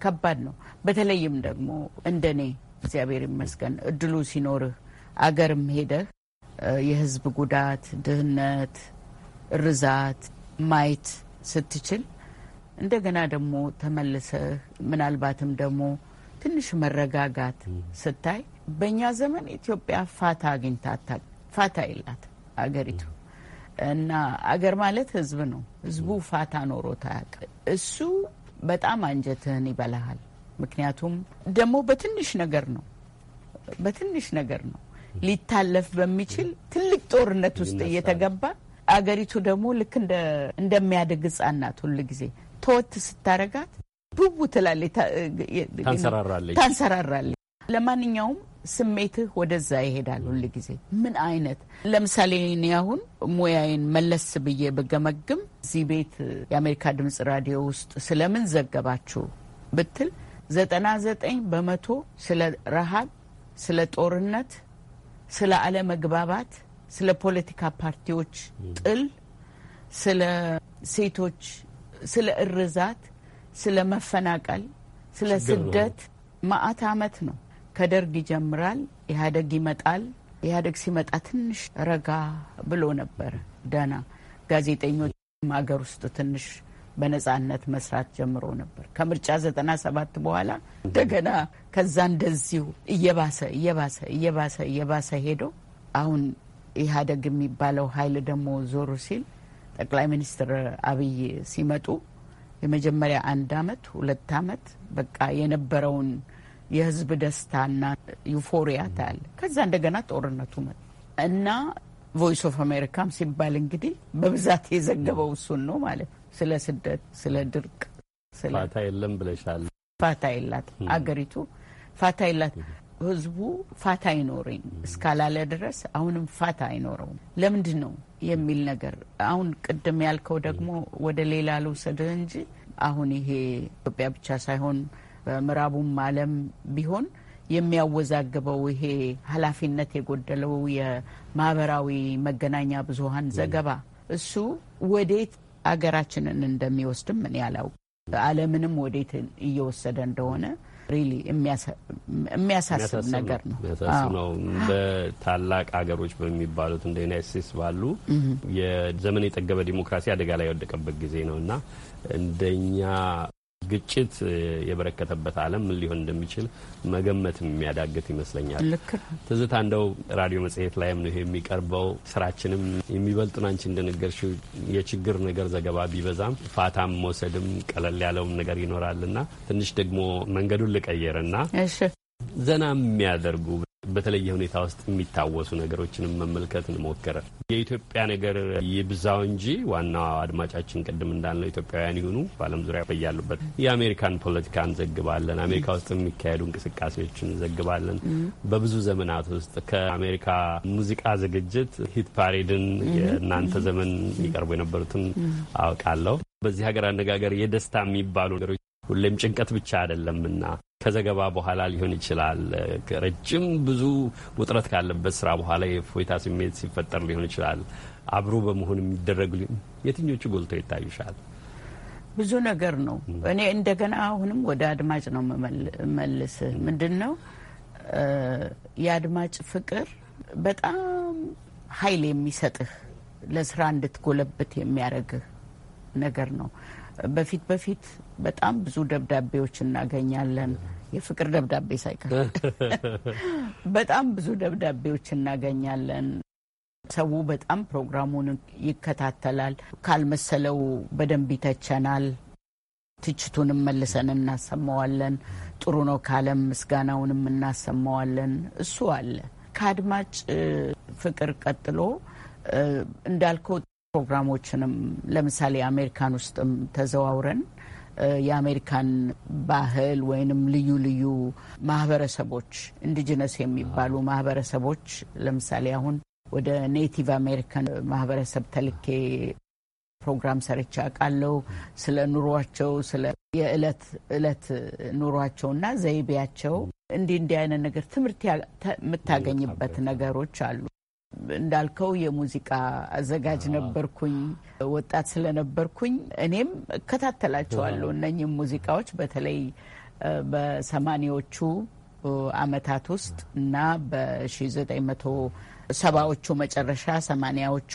E: ከባድ ነው። በተለይም ደግሞ እንደኔ እግዚአብሔር ይመስገን እድሉ ሲኖርህ አገርም ሄደህ የህዝብ ጉዳት፣ ድህነት፣ ርዛት ማየት ስትችል እንደገና ደግሞ ተመልሰህ ምናልባትም ደግሞ ትንሽ መረጋጋት ስታይ በእኛ ዘመን ኢትዮጵያ ፋታ አግኝታ ፋታ የላት አገሪቱ እና አገር ማለት ህዝብ ነው። ህዝቡ ፋታ ኖሮ ታያቅ። እሱ በጣም አንጀትህን ይበላሃል። ምክንያቱም ደግሞ በትንሽ ነገር ነው በትንሽ ነገር ነው ሊታለፍ በሚችል ትልቅ ጦርነት ውስጥ እየተገባ አገሪቱ ደግሞ ልክ እንደሚያድግ ህጻናት ሁል ጊዜ ተወት ስታረጋት ብቡ ትላለች፣ ታንሰራራለች። ለማንኛውም ስሜትህ ወደዛ ይሄዳል ሁል ጊዜ። ምን አይነት ለምሳሌ እኔ አሁን ሙያዬን መለስ ብዬ ብገመግም እዚህ ቤት የአሜሪካ ድምጽ ራዲዮ ውስጥ ስለምን ዘገባችሁ ብትል ዘጠና ዘጠኝ በመቶ ስለ ረሃብ፣ ስለ ጦርነት፣ ስለ አለመግባባት፣ ስለ ፖለቲካ ፓርቲዎች ጥል፣ ስለ ሴቶች ስለ እርዛት፣ ስለ መፈናቀል፣ ስለ ስደት ማአት አመት ነው። ከደርግ ይጀምራል፣ ኢህአዴግ ይመጣል። ኢህአዴግ ሲመጣ ትንሽ ረጋ ብሎ ነበር ደህና ጋዜጠኞች ሀገር ውስጥ ትንሽ በነጻነት መስራት ጀምሮ ነበር። ከምርጫ ዘጠና ሰባት በኋላ እንደገና ከዛ እንደዚሁ እየባሰ እየባሰ እየባሰ እየባሰ ሄዶ አሁን ኢህአዴግ የሚባለው ኃይል ደግሞ ዞሩ ሲል ጠቅላይ ሚኒስትር አብይ ሲመጡ የመጀመሪያ አንድ አመት ሁለት አመት በቃ የነበረውን የህዝብ ደስታና ዩፎሪያ ታያለ። ከዛ እንደገና ጦርነቱ መጣ እና ቮይስ ኦፍ አሜሪካም ሲባል እንግዲህ በብዛት የዘገበው እሱን ነው ማለት ስለ ስደት፣ ስለ ድርቅ፣ ስለ ፋታ የለም ብለሻል። ፋታ የላት አገሪቱ ፋታ የላት ህዝቡ ፋታ አይኖረኝ እስካላለ ድረስ አሁንም ፋታ አይኖረውም። ለምንድን ነው የሚል ነገር አሁን ቅድም ያልከው ደግሞ ወደ ሌላ ልውሰድህ እንጂ አሁን ይሄ ኢትዮጵያ ብቻ ሳይሆን በምዕራቡም ዓለም ቢሆን የሚያወዛግበው ይሄ ኃላፊነት የጎደለው የማህበራዊ መገናኛ ብዙሀን ዘገባ እሱ ወዴት አገራችንን እንደሚወስድም ምን ያላው ዓለምንም ወዴት እየወሰደ እንደሆነ ሪሊ የሚያሳስብ ነገር ነው። የሚያሳስብ
A: ነው። በታላቅ ሀገሮች በሚባሉት እንደ ዩናይት ስቴትስ ባሉ የዘመን የጠገበ ዲሞክራሲ አደጋ ላይ የወደቀበት ጊዜ ነው እና እንደኛ ግጭት የበረከተበት ዓለም ምን ሊሆን እንደሚችል መገመት የሚያዳግት ይመስለኛል። ትዝታ እንደው ራዲዮ መጽሔት ላይም ነው የሚቀርበው። ስራችንም የሚበልጡን አንቺ እንደነገርሽው የችግር ነገር ዘገባ ቢበዛም ፋታም መውሰድም ቀለል ያለውም ነገር ይኖራልና ትንሽ ደግሞ መንገዱን ልቀየርና ዘና የሚያደርጉ በተለየ ሁኔታ ውስጥ የሚታወሱ ነገሮችንም መመልከት እንሞክር። የኢትዮጵያ ነገር ይብዛው እንጂ ዋና አድማጫችን ቅድም እንዳልነው ኢትዮጵያውያን ይሁኑ በዓለም ዙሪያ ያሉበት የአሜሪካን ፖለቲካ እንዘግባለን። አሜሪካ ውስጥ የሚካሄዱ እንቅስቃሴዎችን እንዘግባለን። በብዙ ዘመናት ውስጥ ከአሜሪካ ሙዚቃ ዝግጅት ሂት ፓሬድን የእናንተ ዘመን ይቀርቡ የነበሩትን አውቃለሁ። በዚህ ሀገር አነጋገር የደስታ የሚባሉ ነገሮች ሁሌም ጭንቀት ብቻ አይደለምና ከዘገባ በኋላ ሊሆን ይችላል። ረጅም ብዙ ውጥረት ካለበት ስራ በኋላ የእፎይታ ስሜት ሲፈጠር ሊሆን ይችላል። አብሮ በመሆን የሚደረግ የትኞቹ ጎልቶ ይታዩሻል?
E: ብዙ ነገር ነው። እኔ እንደገና አሁንም ወደ አድማጭ ነው መልስ ምንድን ነው የአድማጭ ፍቅር በጣም ኃይል የሚሰጥህ ለስራ እንድትጎለብት የሚያደርግህ ነገር ነው። በፊት በፊት በጣም ብዙ ደብዳቤዎች እናገኛለን። የፍቅር ደብዳቤ ሳይቀር በጣም ብዙ ደብዳቤዎች እናገኛለን። ሰው በጣም ፕሮግራሙን ይከታተላል። ካልመሰለው በደንብ ይተቸናል። ትችቱንም መልሰን እናሰማዋለን። ጥሩ ነው ካለም ምስጋናውንም እናሰማዋለን። እሱ አለ ከአድማጭ ፍቅር ቀጥሎ እንዳልከው ፕሮግራሞችንም ለምሳሌ አሜሪካን ውስጥም ተዘዋውረን የአሜሪካን ባህል ወይንም ልዩ ልዩ ማህበረሰቦች ኢንዲጂነስ የሚባሉ ማህበረሰቦች ለምሳሌ አሁን ወደ ኔቲቭ አሜሪካን ማህበረሰብ ተልኬ ፕሮግራም ሰርቻ ቃለው ስለ ኑሯቸው ስለ እለት ኑሯቸው ኑሯቸውና ዘይቤያቸው እንዲህ እንዲህ አይነት ነገር ትምህርት የምታገኝበት ነገሮች አሉ። እንዳልከው የሙዚቃ አዘጋጅ ነበርኩኝ። ወጣት ስለነበርኩኝ እኔም እከታተላቸዋለሁ እነኝም ሙዚቃዎች በተለይ በሰማኒዎቹ አመታት ውስጥ እና በ መቶ ዎቹ መጨረሻ ሰማኒያዎቹ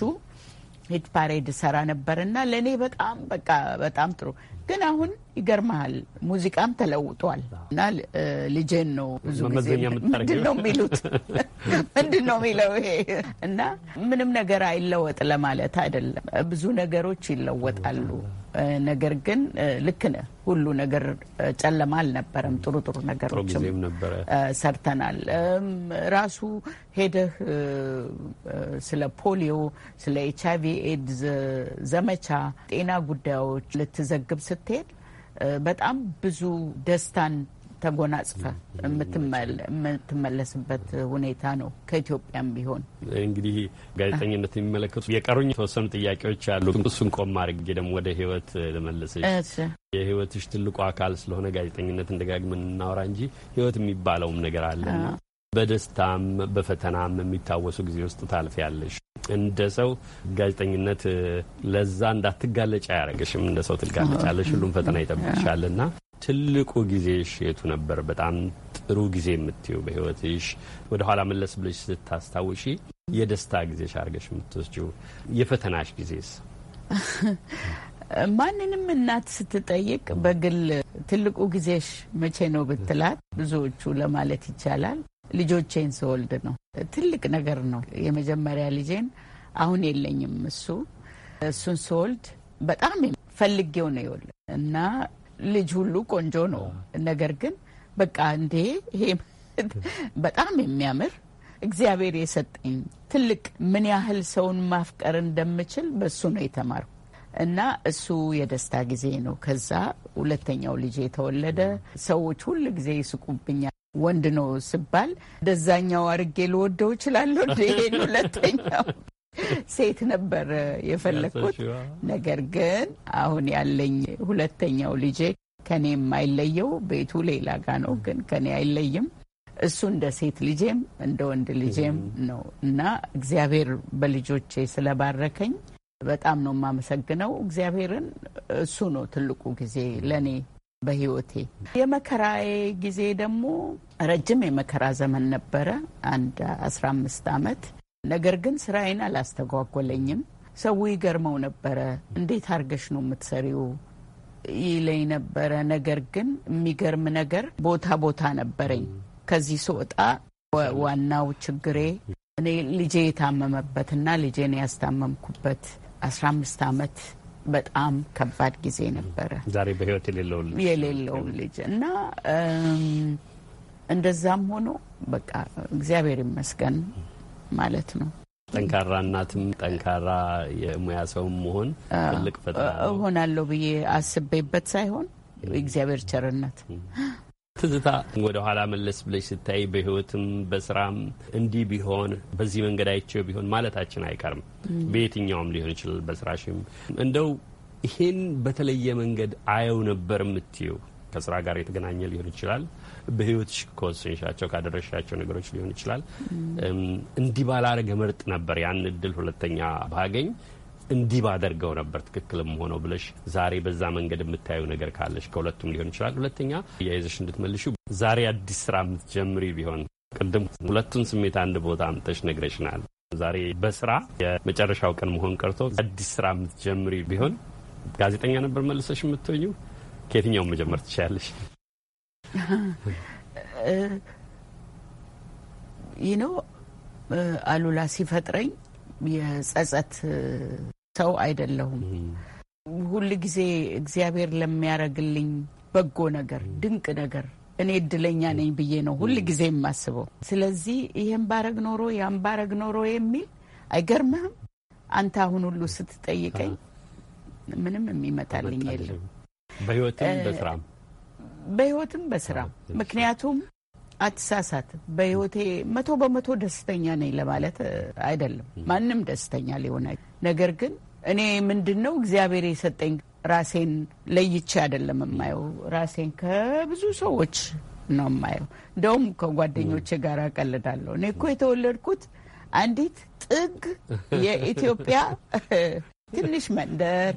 E: ሂድ ፓሬድ ሰራ ነበር እና ለእኔ በጣም በቃ በጣም ጥሩ ግን አሁን ይገርመሃል ሙዚቃም ተለውጧል እና ልጄን ነው ብዙ ምንድን ነው የሚሉት ምንድን ነው የሚለው ይሄ እና ምንም ነገር አይለወጥ ለማለት አይደለም። ብዙ ነገሮች ይለወጣሉ። ነገር ግን ልክ ነ ሁሉ ነገር ጨለማ አልነበረም። ጥሩ ጥሩ ነገሮችም ሰርተናል። ራሱ ሄደህ ስለ ፖሊዮ፣ ስለ ኤች አይ ቪ ኤድዝ ዘመቻ፣ ጤና ጉዳዮች ልትዘግብ ስትሄድ በጣም ብዙ ደስታን ተጎናጽፈ የምትመለስበት ሁኔታ ነው። ከኢትዮጵያም ቢሆን
A: እንግዲህ ጋዜጠኝነት የሚመለከቱ የቀሩኝ የተወሰኑ ጥያቄዎች አሉ። እሱን ቆም አድርጌ ደግሞ ወደ ህይወት ልመልስሽ። የህይወትሽ ትልቁ አካል ስለሆነ ጋዜጠኝነት እንደጋግመን እናወራ እንጂ ህይወት የሚባለውም ነገር አለ። በደስታም በፈተናም የሚታወሱ ጊዜ ውስጥ ታልፊያለሽ። እንደ ሰው ጋዜጠኝነት ለዛ እንዳትጋለጫ አያረግሽም። እንደ ሰው ትጋለጫለሽ፣ ሁሉም ፈተና ይጠብቅሻልና ትልቁ ጊዜሽ የቱ ነበር? በጣም ጥሩ ጊዜ የምትይው በህይወትሽ ወደኋላ መለስ ብለሽ ስታስታውሺ የደስታ ጊዜሽ አድርገሽ የምትወስጂው የፈተናሽ ጊዜስ?
E: ማንንም እናት ስትጠይቅ በግል ትልቁ ጊዜሽ መቼ ነው ብትላት ብዙዎቹ ለማለት ይቻላል ልጆቼን ስወልድ ነው። ትልቅ ነገር ነው። የመጀመሪያ ልጄን አሁን የለኝም እሱ እሱን ስወልድ በጣም ፈልጌው ነው የወለድ እና ልጅ ሁሉ ቆንጆ ነው። ነገር ግን በቃ እንዴ ይሄ በጣም የሚያምር እግዚአብሔር የሰጠኝ ትልቅ ምን ያህል ሰውን ማፍቀር እንደምችል በሱ ነው የተማርኩ እና እሱ የደስታ ጊዜ ነው። ከዛ ሁለተኛው ልጅ የተወለደ ሰዎች ሁል ጊዜ ይስቁብኛል። ወንድ ነው ስባል ደዛኛው አርጌ ልወደው እችላለሁ ይሄን ሁለተኛው ሴት ነበር የፈለግኩት። ነገር ግን አሁን ያለኝ ሁለተኛው ልጄ ከኔ የማይለየው ቤቱ ሌላ ጋ ነው፣ ግን ከኔ አይለይም። እሱ እንደ ሴት ልጄም እንደ ወንድ ልጄም ነው እና እግዚአብሔር በልጆቼ ስለባረከኝ በጣም ነው የማመሰግነው እግዚአብሔርን። እሱ ነው ትልቁ ጊዜ ለእኔ በህይወቴ። የመከራዬ ጊዜ ደግሞ ረጅም የመከራ ዘመን ነበረ። አንድ አስራ አምስት አመት ነገር ግን ስራዬን አላስተጓጎለኝም። ሰው ይገርመው ነበረ። እንዴት አርገሽ ነው የምትሰሪው ይለኝ ነበረ። ነገር ግን የሚገርም ነገር ቦታ ቦታ ነበረኝ። ከዚህ ስወጣ ዋናው ችግሬ እኔ ልጄ የታመመበትና ልጄን ያስታመምኩበት አስራ አምስት አመት በጣም ከባድ ጊዜ ነበረ።
A: ዛሬ በህይወት የሌለውን
E: ልጅ እና እንደዛም ሆኖ በቃ እግዚአብሔር ይመስገን ማለት ነው።
A: ጠንካራ እናትም ጠንካራ የሙያ ሰውም መሆን ትልቅ ፈተና
E: እሆናለሁ ብዬ አስቤበት ሳይሆን እግዚአብሔር ቸርነት
A: ትዝታ ወደ ኋላ መለስ ብለሽ ስታይ በህይወትም በስራም እንዲህ ቢሆን በዚህ መንገድ አይቼው ቢሆን ማለታችን አይቀርም። በየትኛውም ሊሆን ይችላል። በስራሽም እንደው ይህን በተለየ መንገድ አየው ነበር የምትይው ከስራ ጋር የተገናኘ ሊሆን ይችላል። በህይወትሽ ከወሰንሻቸው ካደረሻቸው ነገሮች ሊሆን ይችላል። እንዲህ ባላረግ መርጥ ነበር ያን እድል ሁለተኛ ባገኝ እንዲህ ባደርገው ነበር ትክክልም ሆነው ብለሽ ዛሬ በዛ መንገድ የምታየው ነገር ካለሽ ከሁለቱም ሊሆን ይችላል። ሁለተኛ የይዘሽ እንድትመልሹ ዛሬ አዲስ ስራ የምትጀምሪ ቢሆን ቅድም ሁለቱን ስሜት አንድ ቦታ አምጠሽ ነግረሽናል። ዛሬ በስራ የመጨረሻው ቀን መሆን ቀርቶ አዲስ ስራ የምትጀምሪ ቢሆን ጋዜጠኛ ነበር መልሰሽ የምትኙ ከየትኛውም መጀመር ትችያለሽ
E: ይህ ነው አሉላ ሲፈጥረኝ የጸጸት ሰው አይደለሁም። ሁል ጊዜ እግዚአብሔር ለሚያደርግልኝ በጎ ነገር፣ ድንቅ ነገር እኔ እድለኛ ነኝ ብዬ ነው ሁል ጊዜ የማስበው። ስለዚህ ይህን ባረግ ኖሮ ያን ባረግ ኖሮ የሚል አይገርምህም? አንተ አሁን ሁሉ ስትጠይቀኝ ምንም የሚመጣልኝ የለም
A: በህይወትም በስራም
E: በህይወትም በስራ ምክንያቱም አትሳሳት በህይወቴ መቶ በመቶ ደስተኛ ነኝ ለማለት አይደለም። ማንም ደስተኛ ሊሆን ነገር ግን እኔ ምንድን ነው እግዚአብሔር የሰጠኝ ራሴን ለይቼ አይደለም የማየው። ራሴን ከብዙ ሰዎች ነው የማየው። እንደውም ከጓደኞቼ ጋር ቀልዳለሁ። እኔ እኮ የተወለድኩት አንዲት ጥግ የኢትዮጵያ ትንሽ መንደር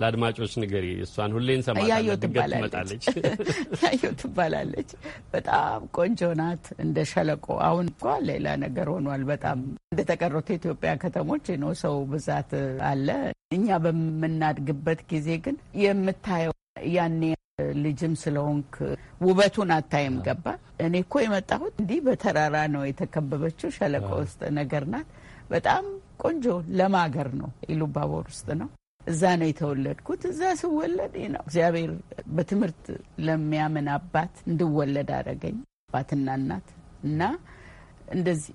A: ለአድማጮች ንገሪ። እሷን ሁሌ እንሰማታለንገትመጣለች
E: ያዮ ትባላለች። በጣም ቆንጆ ናት። እንደ ሸለቆ አሁን እኳ ሌላ ነገር ሆኗል። በጣም እንደተቀሩት የኢትዮጵያ ከተሞች ነው ሰው ብዛት አለ። እኛ በምናድግበት ጊዜ ግን የምታየው ያኔ ልጅም ስለሆንክ ውበቱን አታይም። ገባ እኔ እኮ የመጣሁት እንዲህ በተራራ ነው የተከበበችው ሸለቆ ውስጥ ነገር ናት። በጣም ቆንጆ ለማገር ነው። ኢሉባቦር ውስጥ ነው እዛ ነው የተወለድኩት። እዛ ስወለድ ነው እግዚአብሔር በትምህርት ለሚያምን አባት እንድወለድ አደረገኝ። አባትና እናት እና እንደዚህ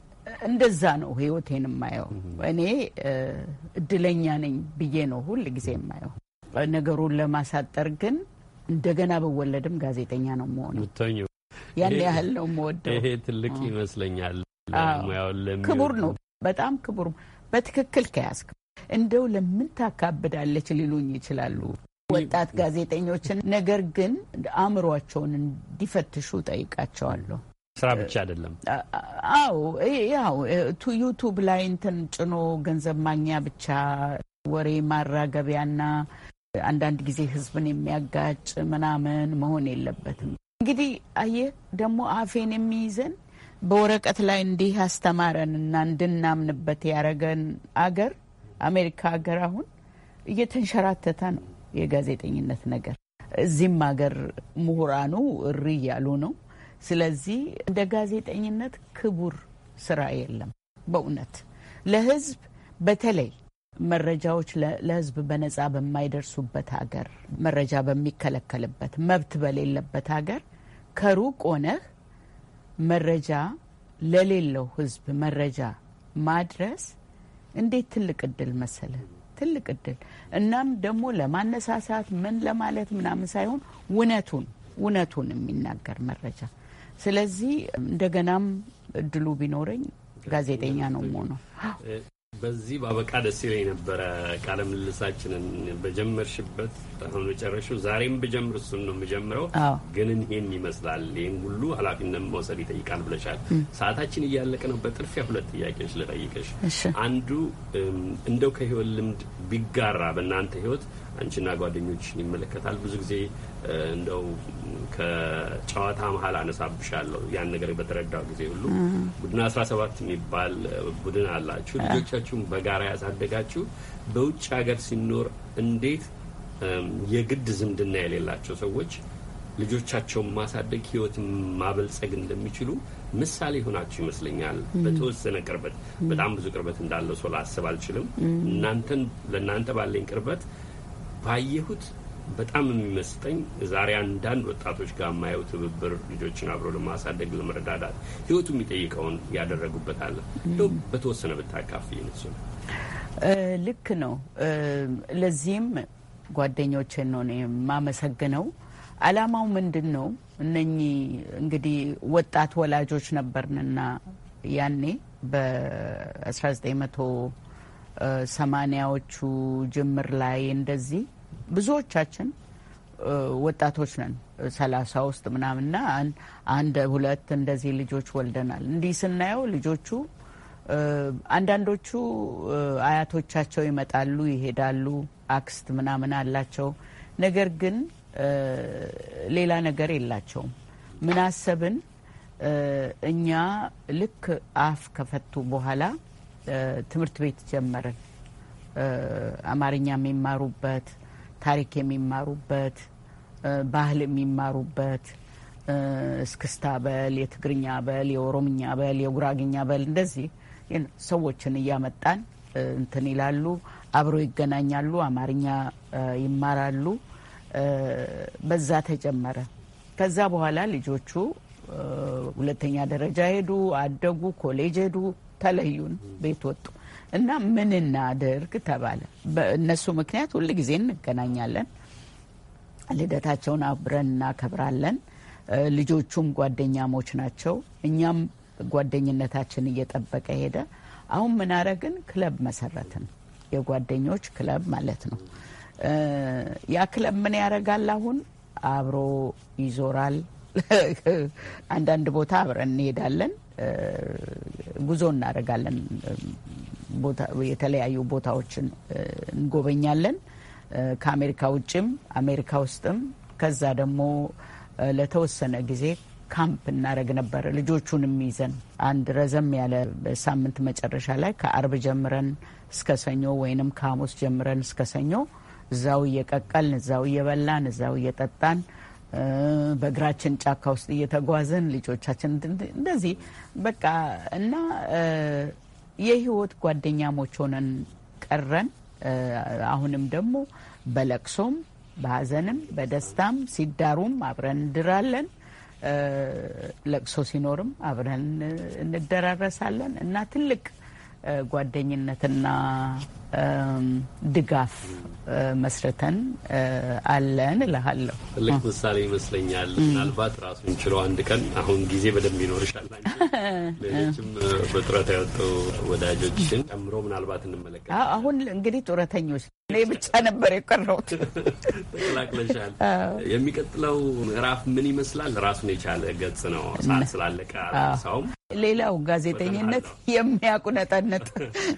E: እንደዛ ነው ህይወቴን የማየው። እኔ እድለኛ ነኝ ብዬ ነው ሁል ጊዜ የማየው። ነገሩን ለማሳጠር ግን እንደገና ብወለድም ጋዜጠኛ ነው መሆኑ
A: ያን ያህል ነው የምወደው። ይሄ ትልቅ ይመስለኛል። ክቡር ነው፣
E: በጣም ክቡር። በትክክል ከያዝክ እንደው ለምን ታካብዳለች ሊሉኝ ይችላሉ ወጣት ጋዜጠኞችን። ነገር ግን አእምሯቸውን እንዲፈትሹ ጠይቃቸዋለሁ።
A: ስራ ብቻ አይደለም።
E: አዎ ያው ዩቱብ ላይ እንትን ጭኖ ገንዘብ ማግኛ ብቻ ወሬ ማራገቢያና አንዳንድ ጊዜ ህዝብን የሚያጋጭ ምናምን መሆን የለበትም። እንግዲህ አየህ ደግሞ አፌን የሚይዘን በወረቀት ላይ እንዲህ ያስተማረን እና እንድናምንበት ያረገን አገር አሜሪካ ሀገር አሁን እየተንሸራተተ ነው የጋዜጠኝነት ነገር። እዚህም ሀገር ምሁራኑ እሪ እያሉ ነው። ስለዚህ እንደ ጋዜጠኝነት ክቡር ስራ የለም። በእውነት ለህዝብ በተለይ መረጃዎች ለህዝብ በነጻ በማይደርሱበት ሀገር፣ መረጃ በሚከለከልበት መብት በሌለበት ሀገር ከሩቅ ሆነህ መረጃ ለሌለው ህዝብ መረጃ ማድረስ እንዴት ትልቅ እድል መሰለ ትልቅ እድል። እናም ደግሞ ለማነሳሳት ምን ለማለት ምናምን ሳይሆን እውነቱን እውነቱን የሚናገር መረጃ። ስለዚህ እንደገናም እድሉ ቢኖረኝ ጋዜጠኛ ነው መሆነው።
A: በዚህ ባበቃ ደስ ይለኝ ነበረ። ቃለ ምልልሳችንን በጀመርሽበት አሁን መጨረሹ ዛሬም ብጀምር እሱን ነው የምጀምረው፣ ግን ይሄን ይመስላል። ይህን ሁሉ ኃላፊነት መውሰድ ይጠይቃል ብለሻል። ሰዓታችን እያለቀ ነው። በጥርፊያ ሁለት ጥያቄዎች ልጠይቅሽ። አንዱ እንደው ከህይወት ልምድ ቢጋራ በእናንተ ህይወት አንቺና ጓደኞችን ይመለከታል። ብዙ ጊዜ እንደው ከጨዋታ መሀል አነሳብሻለሁ ያን ነገር በተረዳው ጊዜ ሁሉ ቡድን አስራ ሰባት የሚባል ቡድን አላችሁ። ልጆቻችሁን በጋራ ያሳደጋችሁ በውጭ ሀገር ሲኖር እንዴት የግድ ዝምድና የሌላቸው ሰዎች ልጆቻቸውን ማሳደግ ህይወትን ማበልጸግ እንደሚችሉ ምሳሌ ሆናችሁ ይመስለኛል። በተወሰነ ቅርበት፣ በጣም ብዙ ቅርበት እንዳለው ሰው ላስብ አልችልም። እናንተን ለእናንተ ባለኝ ቅርበት ባየሁት በጣም የሚመስጠኝ ዛሬ አንዳንድ ወጣቶች ጋር የማየው ትብብር ልጆችን አብሮ ለማሳደግ ለመረዳዳት ህይወቱ የሚጠይቀውን ያደረጉበት አለ። እንደው በተወሰነ ብታካፍ ይነሱ
E: ልክ ነው። ለዚህም ጓደኞችን ነው የማመሰግነው። አላማው ምንድን ነው? እነኚህ እንግዲህ ወጣት ወላጆች ነበርንና ያኔ በ1900 ሰማኒያዎቹ ጅምር ላይ እንደዚህ ብዙዎቻችን ወጣቶች ነን። ሰላሳ ውስጥ ምናምንና አንድ ሁለት እንደዚህ ልጆች ወልደናል። እንዲህ ስናየው ልጆቹ አንዳንዶቹ አያቶቻቸው ይመጣሉ፣ ይሄዳሉ፣ አክስት ምናምን አላቸው። ነገር ግን ሌላ ነገር የላቸውም። ምናሰብን እኛ ልክ አፍ ከፈቱ በኋላ ትምህርት ቤት ጀመርን። አማርኛ የሚማሩበት፣ ታሪክ የሚማሩበት፣ ባህል የሚማሩበት እስክስታ በል፣ የትግርኛ በል፣ የኦሮምኛ በል፣ የጉራግኛ በል እንደዚህ ሰዎችን እያመጣን እንትን ይላሉ። አብረው ይገናኛሉ። አማርኛ ይማራሉ። በዛ ተጀመረ። ከዛ በኋላ ልጆቹ ሁለተኛ ደረጃ ሄዱ፣ አደጉ፣ ኮሌጅ ሄዱ። ተለዩን፣ ቤት ወጡ እና ምን እናድርግ ተባለ። በእነሱ ምክንያት ሁል ጊዜ እንገናኛለን። ልደታቸውን አብረን እናከብራለን። ልጆቹም ጓደኛሞች ናቸው። እኛም ጓደኝነታችን እየጠበቀ ሄደ። አሁን ምን አረግን? ክለብ መሰረትን። የጓደኞች ክለብ ማለት ነው። ያ ክለብ ምን ያደርጋል? አሁን አብሮ ይዞራል። አንዳንድ ቦታ አብረን እንሄዳለን። ጉዞ እናደርጋለን። የተለያዩ ቦታዎችን እንጎበኛለን። ከአሜሪካ ውጭም አሜሪካ ውስጥም ከዛ ደግሞ ለተወሰነ ጊዜ ካምፕ እናደረግ ነበር። ልጆቹንም ይዘን አንድ ረዘም ያለ ሳምንት መጨረሻ ላይ ከአርብ ጀምረን እስከ ሰኞ ወይንም ከሐሙስ ጀምረን እስከ ሰኞ እዛው እየቀቀልን እዛው እየበላን እዛው እየጠጣን በእግራችን ጫካ ውስጥ እየተጓዘን ልጆቻችን እንደዚህ በቃ እና የህይወት ጓደኛሞች ሆነን ቀረን። አሁንም ደግሞ በለቅሶም በሀዘንም በደስታም ሲዳሩም አብረን እንድራለን። ለቅሶ ሲኖርም አብረን እንደራረሳለን እና ትልቅ ጓደኝነትና ድጋፍ መስረተን አለን እልሃለሁ።
A: ትልቅ ምሳሌ ይመስለኛል። ምናልባት ራሱን ችሎ አንድ ቀን አሁን ጊዜ በደንብ ይኖርሻል።
E: ሌሎችም
A: በጡረታ የወጡ ወዳጆችን ጨምሮ ምናልባት እንመለከት።
E: አሁን እንግዲህ ጡረተኞች እኔ ብቻ ነበር የቀረሁት።
A: ተቀላቅለሻል። የሚቀጥለው ምዕራፍ ምን ይመስላል? ራሱን የቻለ ገጽ ነው። ሰዓት ስላለቀ ሳውም
E: ሌላው ጋዜጠኝነት ነጠነጥ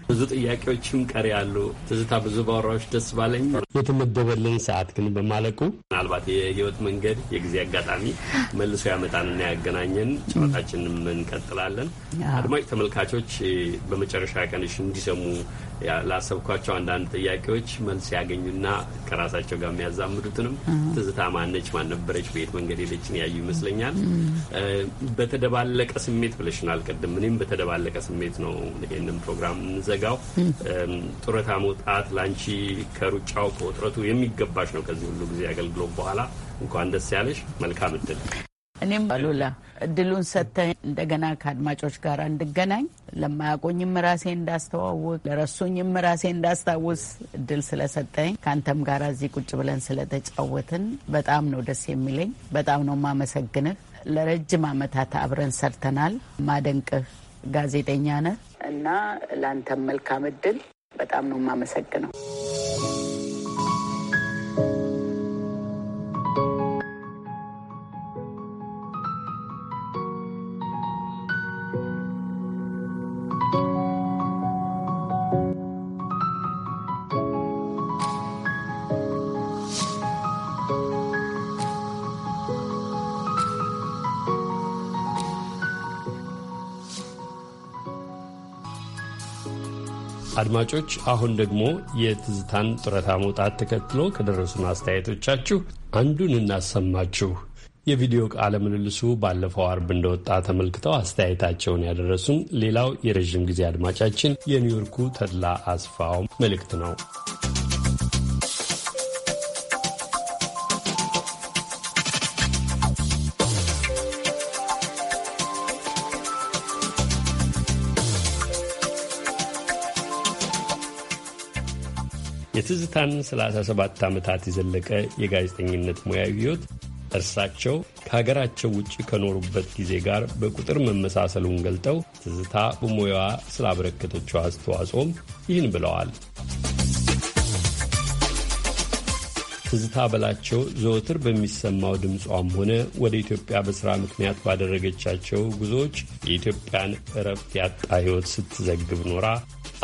A: ብዙ ጥያቄዎችም ቀሪ ይላሉ ትዝታ። ብዙ ባወራዎች ደስ ባለኝ የተመደበልኝ ሰዓት ግን በማለቁ ምናልባት የህይወት መንገድ የጊዜ አጋጣሚ መልሶ ያመጣንና ያገናኘን ጨዋታችንን እንቀጥላለን። አድማጭ ተመልካቾች በመጨረሻ ቀንሽ እንዲሰሙ ላሰብኳቸው አንዳንድ ጥያቄዎች መልስ ያገኙና ከራሳቸው ጋር የሚያዛምዱትንም ትዝታ ማነች ማነበረች በየት መንገድ ሄደችን ያዩ ይመስለኛል። በተደባለቀ ስሜት ብለሽናል ቅድም። እኔም በተደባለቀ ስሜት ነው ይህንም ፕሮግራም እንዘጋው። ጡረታ መውጣት ላንቺ ከሩጫው ከውጥረቱ የሚገባሽ ነው። ከዚህ ሁሉ ጊዜ አገልግሎት በኋላ እንኳን ደስ ያለሽ። መልካም እድል።
E: እኔም አሉላ እድሉን ሰጥተኝ እንደገና ከአድማጮች ጋር እንድገናኝ ለማያቆኝም ራሴ እንዳስተዋውቅ ለረሱኝም ራሴ እንዳስታውስ እድል ስለሰጠኝ ከአንተም ጋር እዚህ ቁጭ ብለን ስለተጫወትን በጣም ነው ደስ የሚለኝ። በጣም ነው ማመሰግንህ። ለረጅም ዓመታት አብረን ሰርተናል። ማደንቅህ ጋዜጠኛ ነህ እና ለአንተም መልካም እድል በጣም ነው የማመሰግነው።
A: አድማጮች አሁን ደግሞ የትዝታን ጡረታ መውጣት ተከትሎ ከደረሱን አስተያየቶቻችሁ አንዱን እናሰማችሁ። የቪዲዮ ቃለ ምልልሱ ባለፈው አርብ እንደወጣ ተመልክተው አስተያየታቸውን ያደረሱን ሌላው የረዥም ጊዜ አድማጫችን የኒውዮርኩ ተድላ አስፋው መልእክት ነው። የትዝታን 37 ዓመታት የዘለቀ የጋዜጠኝነት ሙያዊ ሕይወት እርሳቸው ከሀገራቸው ውጭ ከኖሩበት ጊዜ ጋር በቁጥር መመሳሰሉን ገልጠው ትዝታ በሙያዋ ስላበረከተችው አስተዋጽኦም ይህን ብለዋል። ትዝታ በላቸው ዘወትር በሚሰማው ድምጿም ሆነ ወደ ኢትዮጵያ በሥራ ምክንያት ባደረገቻቸው ጉዞዎች የኢትዮጵያን እረፍት ያጣ ሕይወት ስትዘግብ ኖራ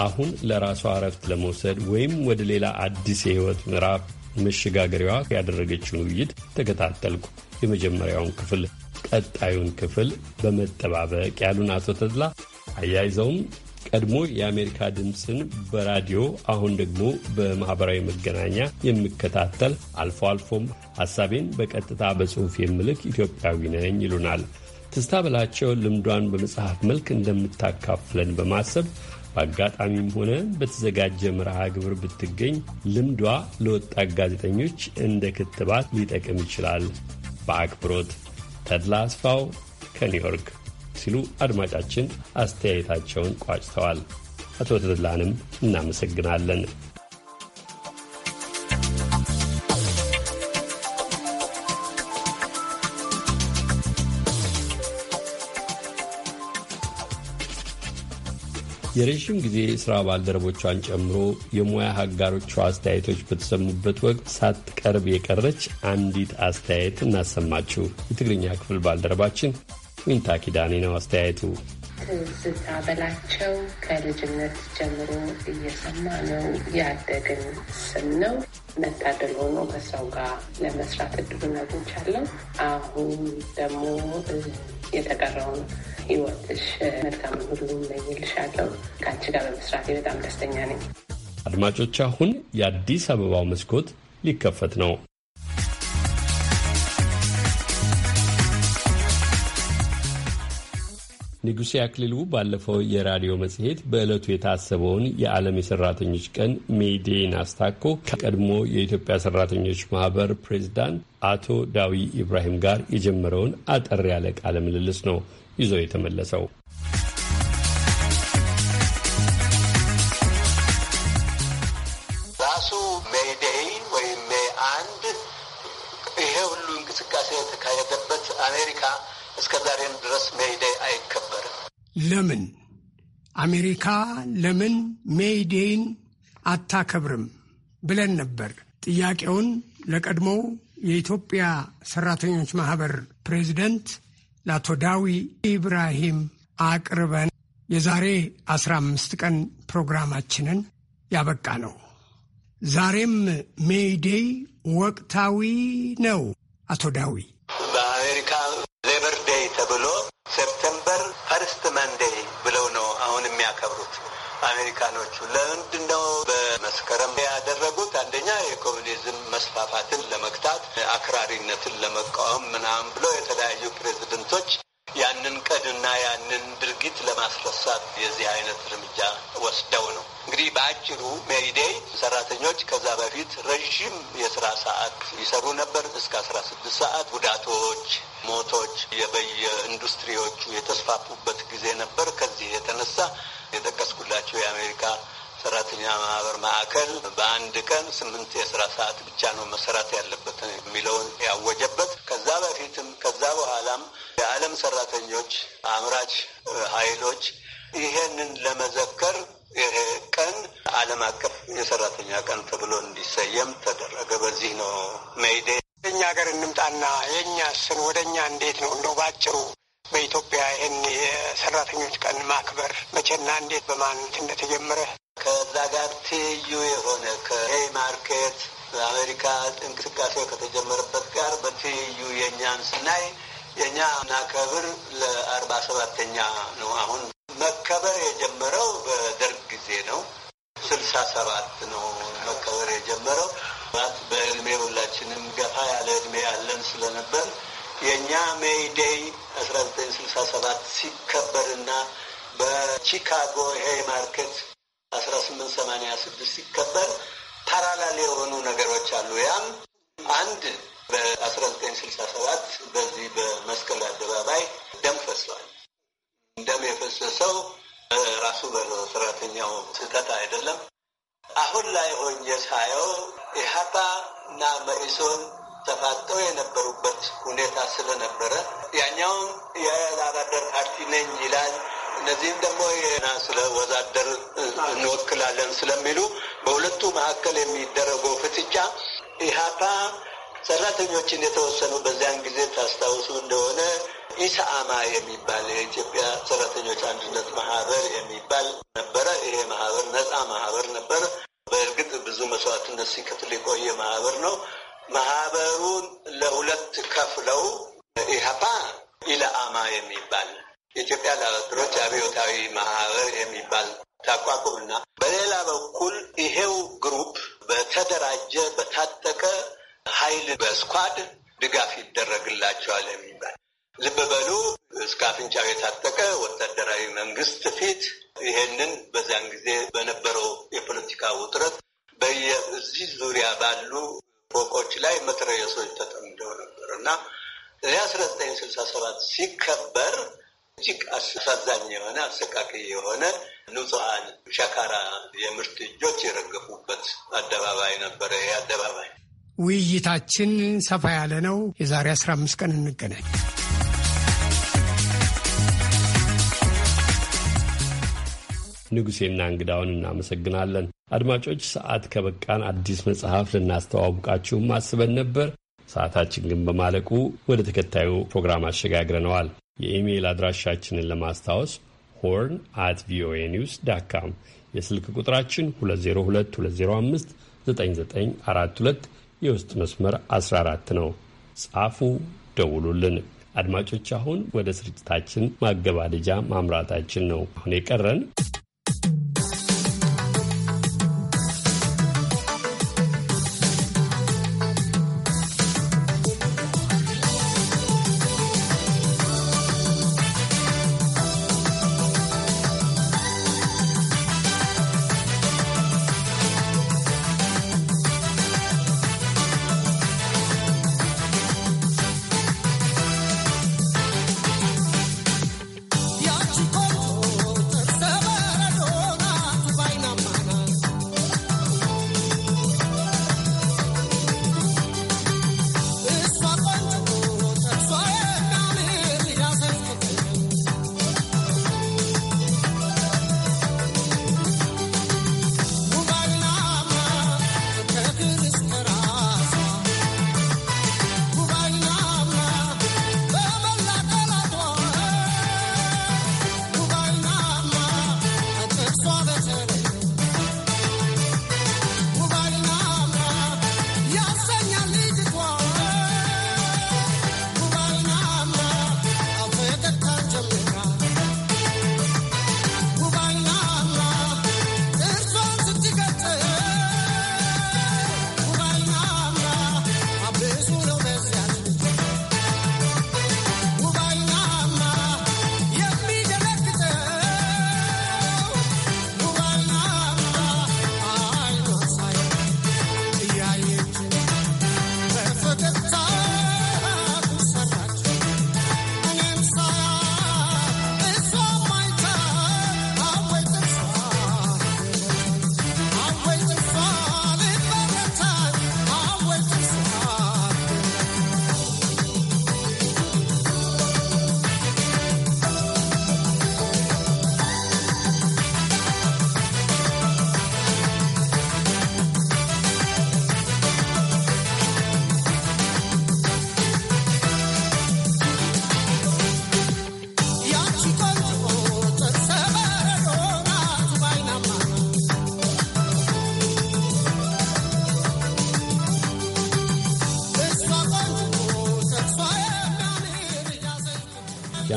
A: አሁን ለራሷ እረፍት ለመውሰድ ወይም ወደ ሌላ አዲስ የህይወት ምዕራፍ መሸጋገሪዋ ያደረገችውን ውይይት ተከታተልኩ። የመጀመሪያውን ክፍል ቀጣዩን ክፍል በመጠባበቅ ያሉን አቶ ተድላ አያይዘውም ቀድሞ የአሜሪካ ድምፅን በራዲዮ አሁን ደግሞ በማኅበራዊ መገናኛ የምከታተል አልፎ አልፎም ሐሳቤን በቀጥታ በጽሑፍ የምልክ ኢትዮጵያዊ ነኝ ይሉናል። ትስታ በላቸው ልምዷን በመጽሐፍ መልክ እንደምታካፍለን በማሰብ በአጋጣሚም ሆነ በተዘጋጀ መርሃ ግብር ብትገኝ ልምዷ ለወጣት ጋዜጠኞች እንደ ክትባት ሊጠቅም ይችላል። በአክብሮት ተድላ አስፋው ከኒውዮርክ ሲሉ አድማጫችን አስተያየታቸውን ቋጭተዋል። አቶ ተድላንም እናመሰግናለን። የረዥም ጊዜ ስራ ባልደረቦቿን ጨምሮ የሙያ አጋሮቿ አስተያየቶች በተሰሙበት ወቅት ሳትቀርብ የቀረች አንዲት አስተያየት እናሰማችሁ። የትግርኛ ክፍል ባልደረባችን ዊንታ ኪዳኔ ነው አስተያየቱ።
E: ስታበላቸው ከልጅነት ጀምሮ እየሰማ ነው ያደግን ስም ነው። መታደል ሆኖ ከሰው ጋር ለመስራት እድሉን አግኝቻለሁ። አሁን ደግሞ የተቀረውን ህይወትሽ መልካም ሁሉ እመኝልሻለሁ። ከአንቺ ጋር በመስራት በጣም ደስተኛ ነኝ።
A: አድማጮች፣ አሁን የአዲስ አበባው መስኮት ሊከፈት ነው። ንጉሴ አክሊሉ ባለፈው የራዲዮ መጽሔት በዕለቱ የታሰበውን የዓለም የሰራተኞች ቀን ሜዴን አስታኮ ከቀድሞ የኢትዮጵያ ሰራተኞች ማህበር ፕሬዚዳንት አቶ ዳዊ ኢብራሂም ጋር የጀመረውን አጠር ያለ ቃለ ምልልስ ነው ይዞ የተመለሰው።
B: አሜሪካ ለምን ሜይዴይን አታከብርም ብለን ነበር። ጥያቄውን ለቀድሞው የኢትዮጵያ ሰራተኞች ማህበር ፕሬዚደንት ለአቶ ዳዊ ኢብራሂም አቅርበን የዛሬ አምስት ቀን ፕሮግራማችንን ያበቃ ነው። ዛሬም ሜይዴይ ወቅታዊ ነው። አቶ ዳዊ
F: ሴፕቴምበር ፈርስት መንዴይ ብለው ነው አሁን የሚያከብሩት አሜሪካኖቹ። ለምንድን ነው በመስከረም ያደረጉት? አንደኛ የኮሚኒዝም መስፋፋትን ለመግታት አክራሪነትን ለመቃወም ምናምን ብለው የተለያዩ ፕሬዚደንቶች ያንን ቀድና ያንን ድርጊት ለማስረሳት የዚህ አይነት እርምጃ ወስደው ነው። እንግዲህ በአጭሩ ሜሪዴይ ሰራተኞች ከዛ በፊት ረዥም የስራ ሰዓት ይሰሩ ነበር። እስከ አስራ ስድስት ሰዓት ጉዳቶች፣ ሞቶች የበየ ኢንዱስትሪዎቹ የተስፋፉበት ጊዜ ነበር። ከዚህ የተነሳ የጠቀስኩላቸው የአሜሪካ ሰራተኛ ማህበር ማዕከል በአንድ ቀን ስምንት የስራ ሰዓት ብቻ ነው መሰራት ያለበት የሚለውን ያወጀበት ከዛ በፊትም ከዛ በኋላም የዓለም ሰራተኞች አምራች ኃይሎች ይሄንን ለመዘከር ይሄ ቀን ዓለም አቀፍ የሰራተኛ ቀን ተብሎ እንዲሰየም ተደረገ። በዚህ ነው መይዴ እኛ ሀገር እንምጣና የእኛ ስን ወደ እኛ እንዴት ነው እንደው ባጭሩ በኢትዮጵያ ይህን የሰራተኞች ቀን ማክበር መቼና እንዴት በማን እንደተጀመረ ከዛ ጋር ትይዩ የሆነ ከሄይ ማርኬት አሜሪካ እንቅስቃሴ ከተጀመረበት ጋር በትይዩ የእኛን ስናይ የእኛ እናከብር ለአርባ ሰባተኛ ነው። አሁን መከበር የጀመረው በደርግ ጊዜ ነው። ስልሳ ሰባት ነው መከበር የጀመረው በእድሜ ሁላችንም ገፋ ያለ እድሜ ያለን ስለነበር የእኛ ሜይዴይ አስራ ዘጠኝ ስልሳ ሰባት ሲከበርና በቺካጎ ሄይ ማርኬት አስራ ስምንት ሰማኒያ ስድስት ሲከበር ፓራላል የሆኑ ነገሮች አሉ። ያም አንድ በአስራ ዘጠኝ ስልሳ ሰባት በዚህ በመስቀል አደባባይ ደም ፈሷል። ደም የፈሰሰው ራሱ በሰራተኛው ስህተት አይደለም። አሁን ላይ ሆኜ ሳየው ኢህአፓ እና መኢሶን ተፋጠው የነበሩበት ሁኔታ ስለነበረ ያኛውም የላባደር ፓርቲ ነኝ ይላል እነዚህም ደግሞ ና ስለ ወዛደር እንወክላለን ስለሚሉ በሁለቱ መካከል የሚደረገው ፍትጫ ኢህአፓ ሰራተኞችን የተወሰኑ በዚያን ጊዜ ታስታውሱ እንደሆነ ኢሰአማ የሚባል የኢትዮጵያ ሰራተኞች አንድነት ማህበር የሚባል ነበረ። ይሄ ማህበር ነፃ ማህበር ነበር። በእርግጥ ብዙ መስዋዕትነት ሲከፍል የቆየ ማህበር ነው። ማህበሩን ለሁለት ከፍለው ኢህአፓ ኢለአማ የሚባል የኢትዮጵያ ዳይሬክተሮች አብዮታዊ ማህበር የሚባል ታቋቁምና በሌላ በኩል ይሄው ግሩፕ በተደራጀ በታጠቀ ኃይል በስኳድ ድጋፍ ይደረግላቸዋል የሚባል ልብ በሉ እስከ አፍንጫው የታጠቀ ወታደራዊ መንግስት ፊት ይሄንን በዚያን ጊዜ በነበረው የፖለቲካ ውጥረት በየእዚህ ዙሪያ ባሉ ፎቆች ላይ መትረየሶች ተጠምደው ነበር እና አስራ ዘጠኝ ስልሳ ሰባት ሲከበር እጅግ አሳዛኝ የሆነ አሰቃቂ የሆነ ንጹሐን ሸካራ የምርት እጆች የረገፉበት አደባባይ ነበረ። ይህ አደባባይ
B: ውይይታችን ሰፋ ያለ ነው። የዛሬ አስራ አምስት ቀን እንገናኝ።
A: ንጉሴና እንግዳውን እናመሰግናለን። አድማጮች ሰዓት ከበቃን አዲስ መጽሐፍ ልናስተዋውቃችሁም አስበን ነበር። ሰዓታችን ግን በማለቁ ወደ ተከታዩ ፕሮግራም አሸጋግረነዋል። የኢሜይል አድራሻችንን ለማስታወስ ሆርን አት ቪኦኤ ኒውስ ዳት ካም፣ የስልክ ቁጥራችን 2022059942 የውስጥ መስመር 14 ነው። ጻፉ፣ ደውሉልን። አድማጮች አሁን ወደ ስርጭታችን ማገባደጃ ማምራታችን ነው። አሁን የቀረን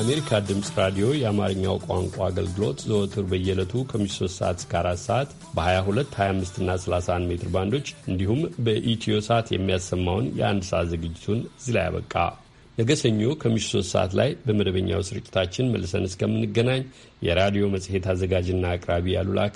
A: የአሜሪካ ድምፅ ራዲዮ የአማርኛው ቋንቋ አገልግሎት ዘወትር በየዕለቱ ከምሽቱ 3 ሰዓት እስከ 4 ሰዓት በ22፣ 25 እና 31 ሜትር ባንዶች እንዲሁም በኢትዮ ሰዓት የሚያሰማውን የአንድ ሰዓት ዝግጅቱን እዚህ ላይ ያበቃ። ነገ ሰኞ ከምሽቱ 3 ሰዓት ላይ በመደበኛው ስርጭታችን መልሰን እስከምንገናኝ የራዲዮ መጽሔት አዘጋጅና አቅራቢ ያሉላ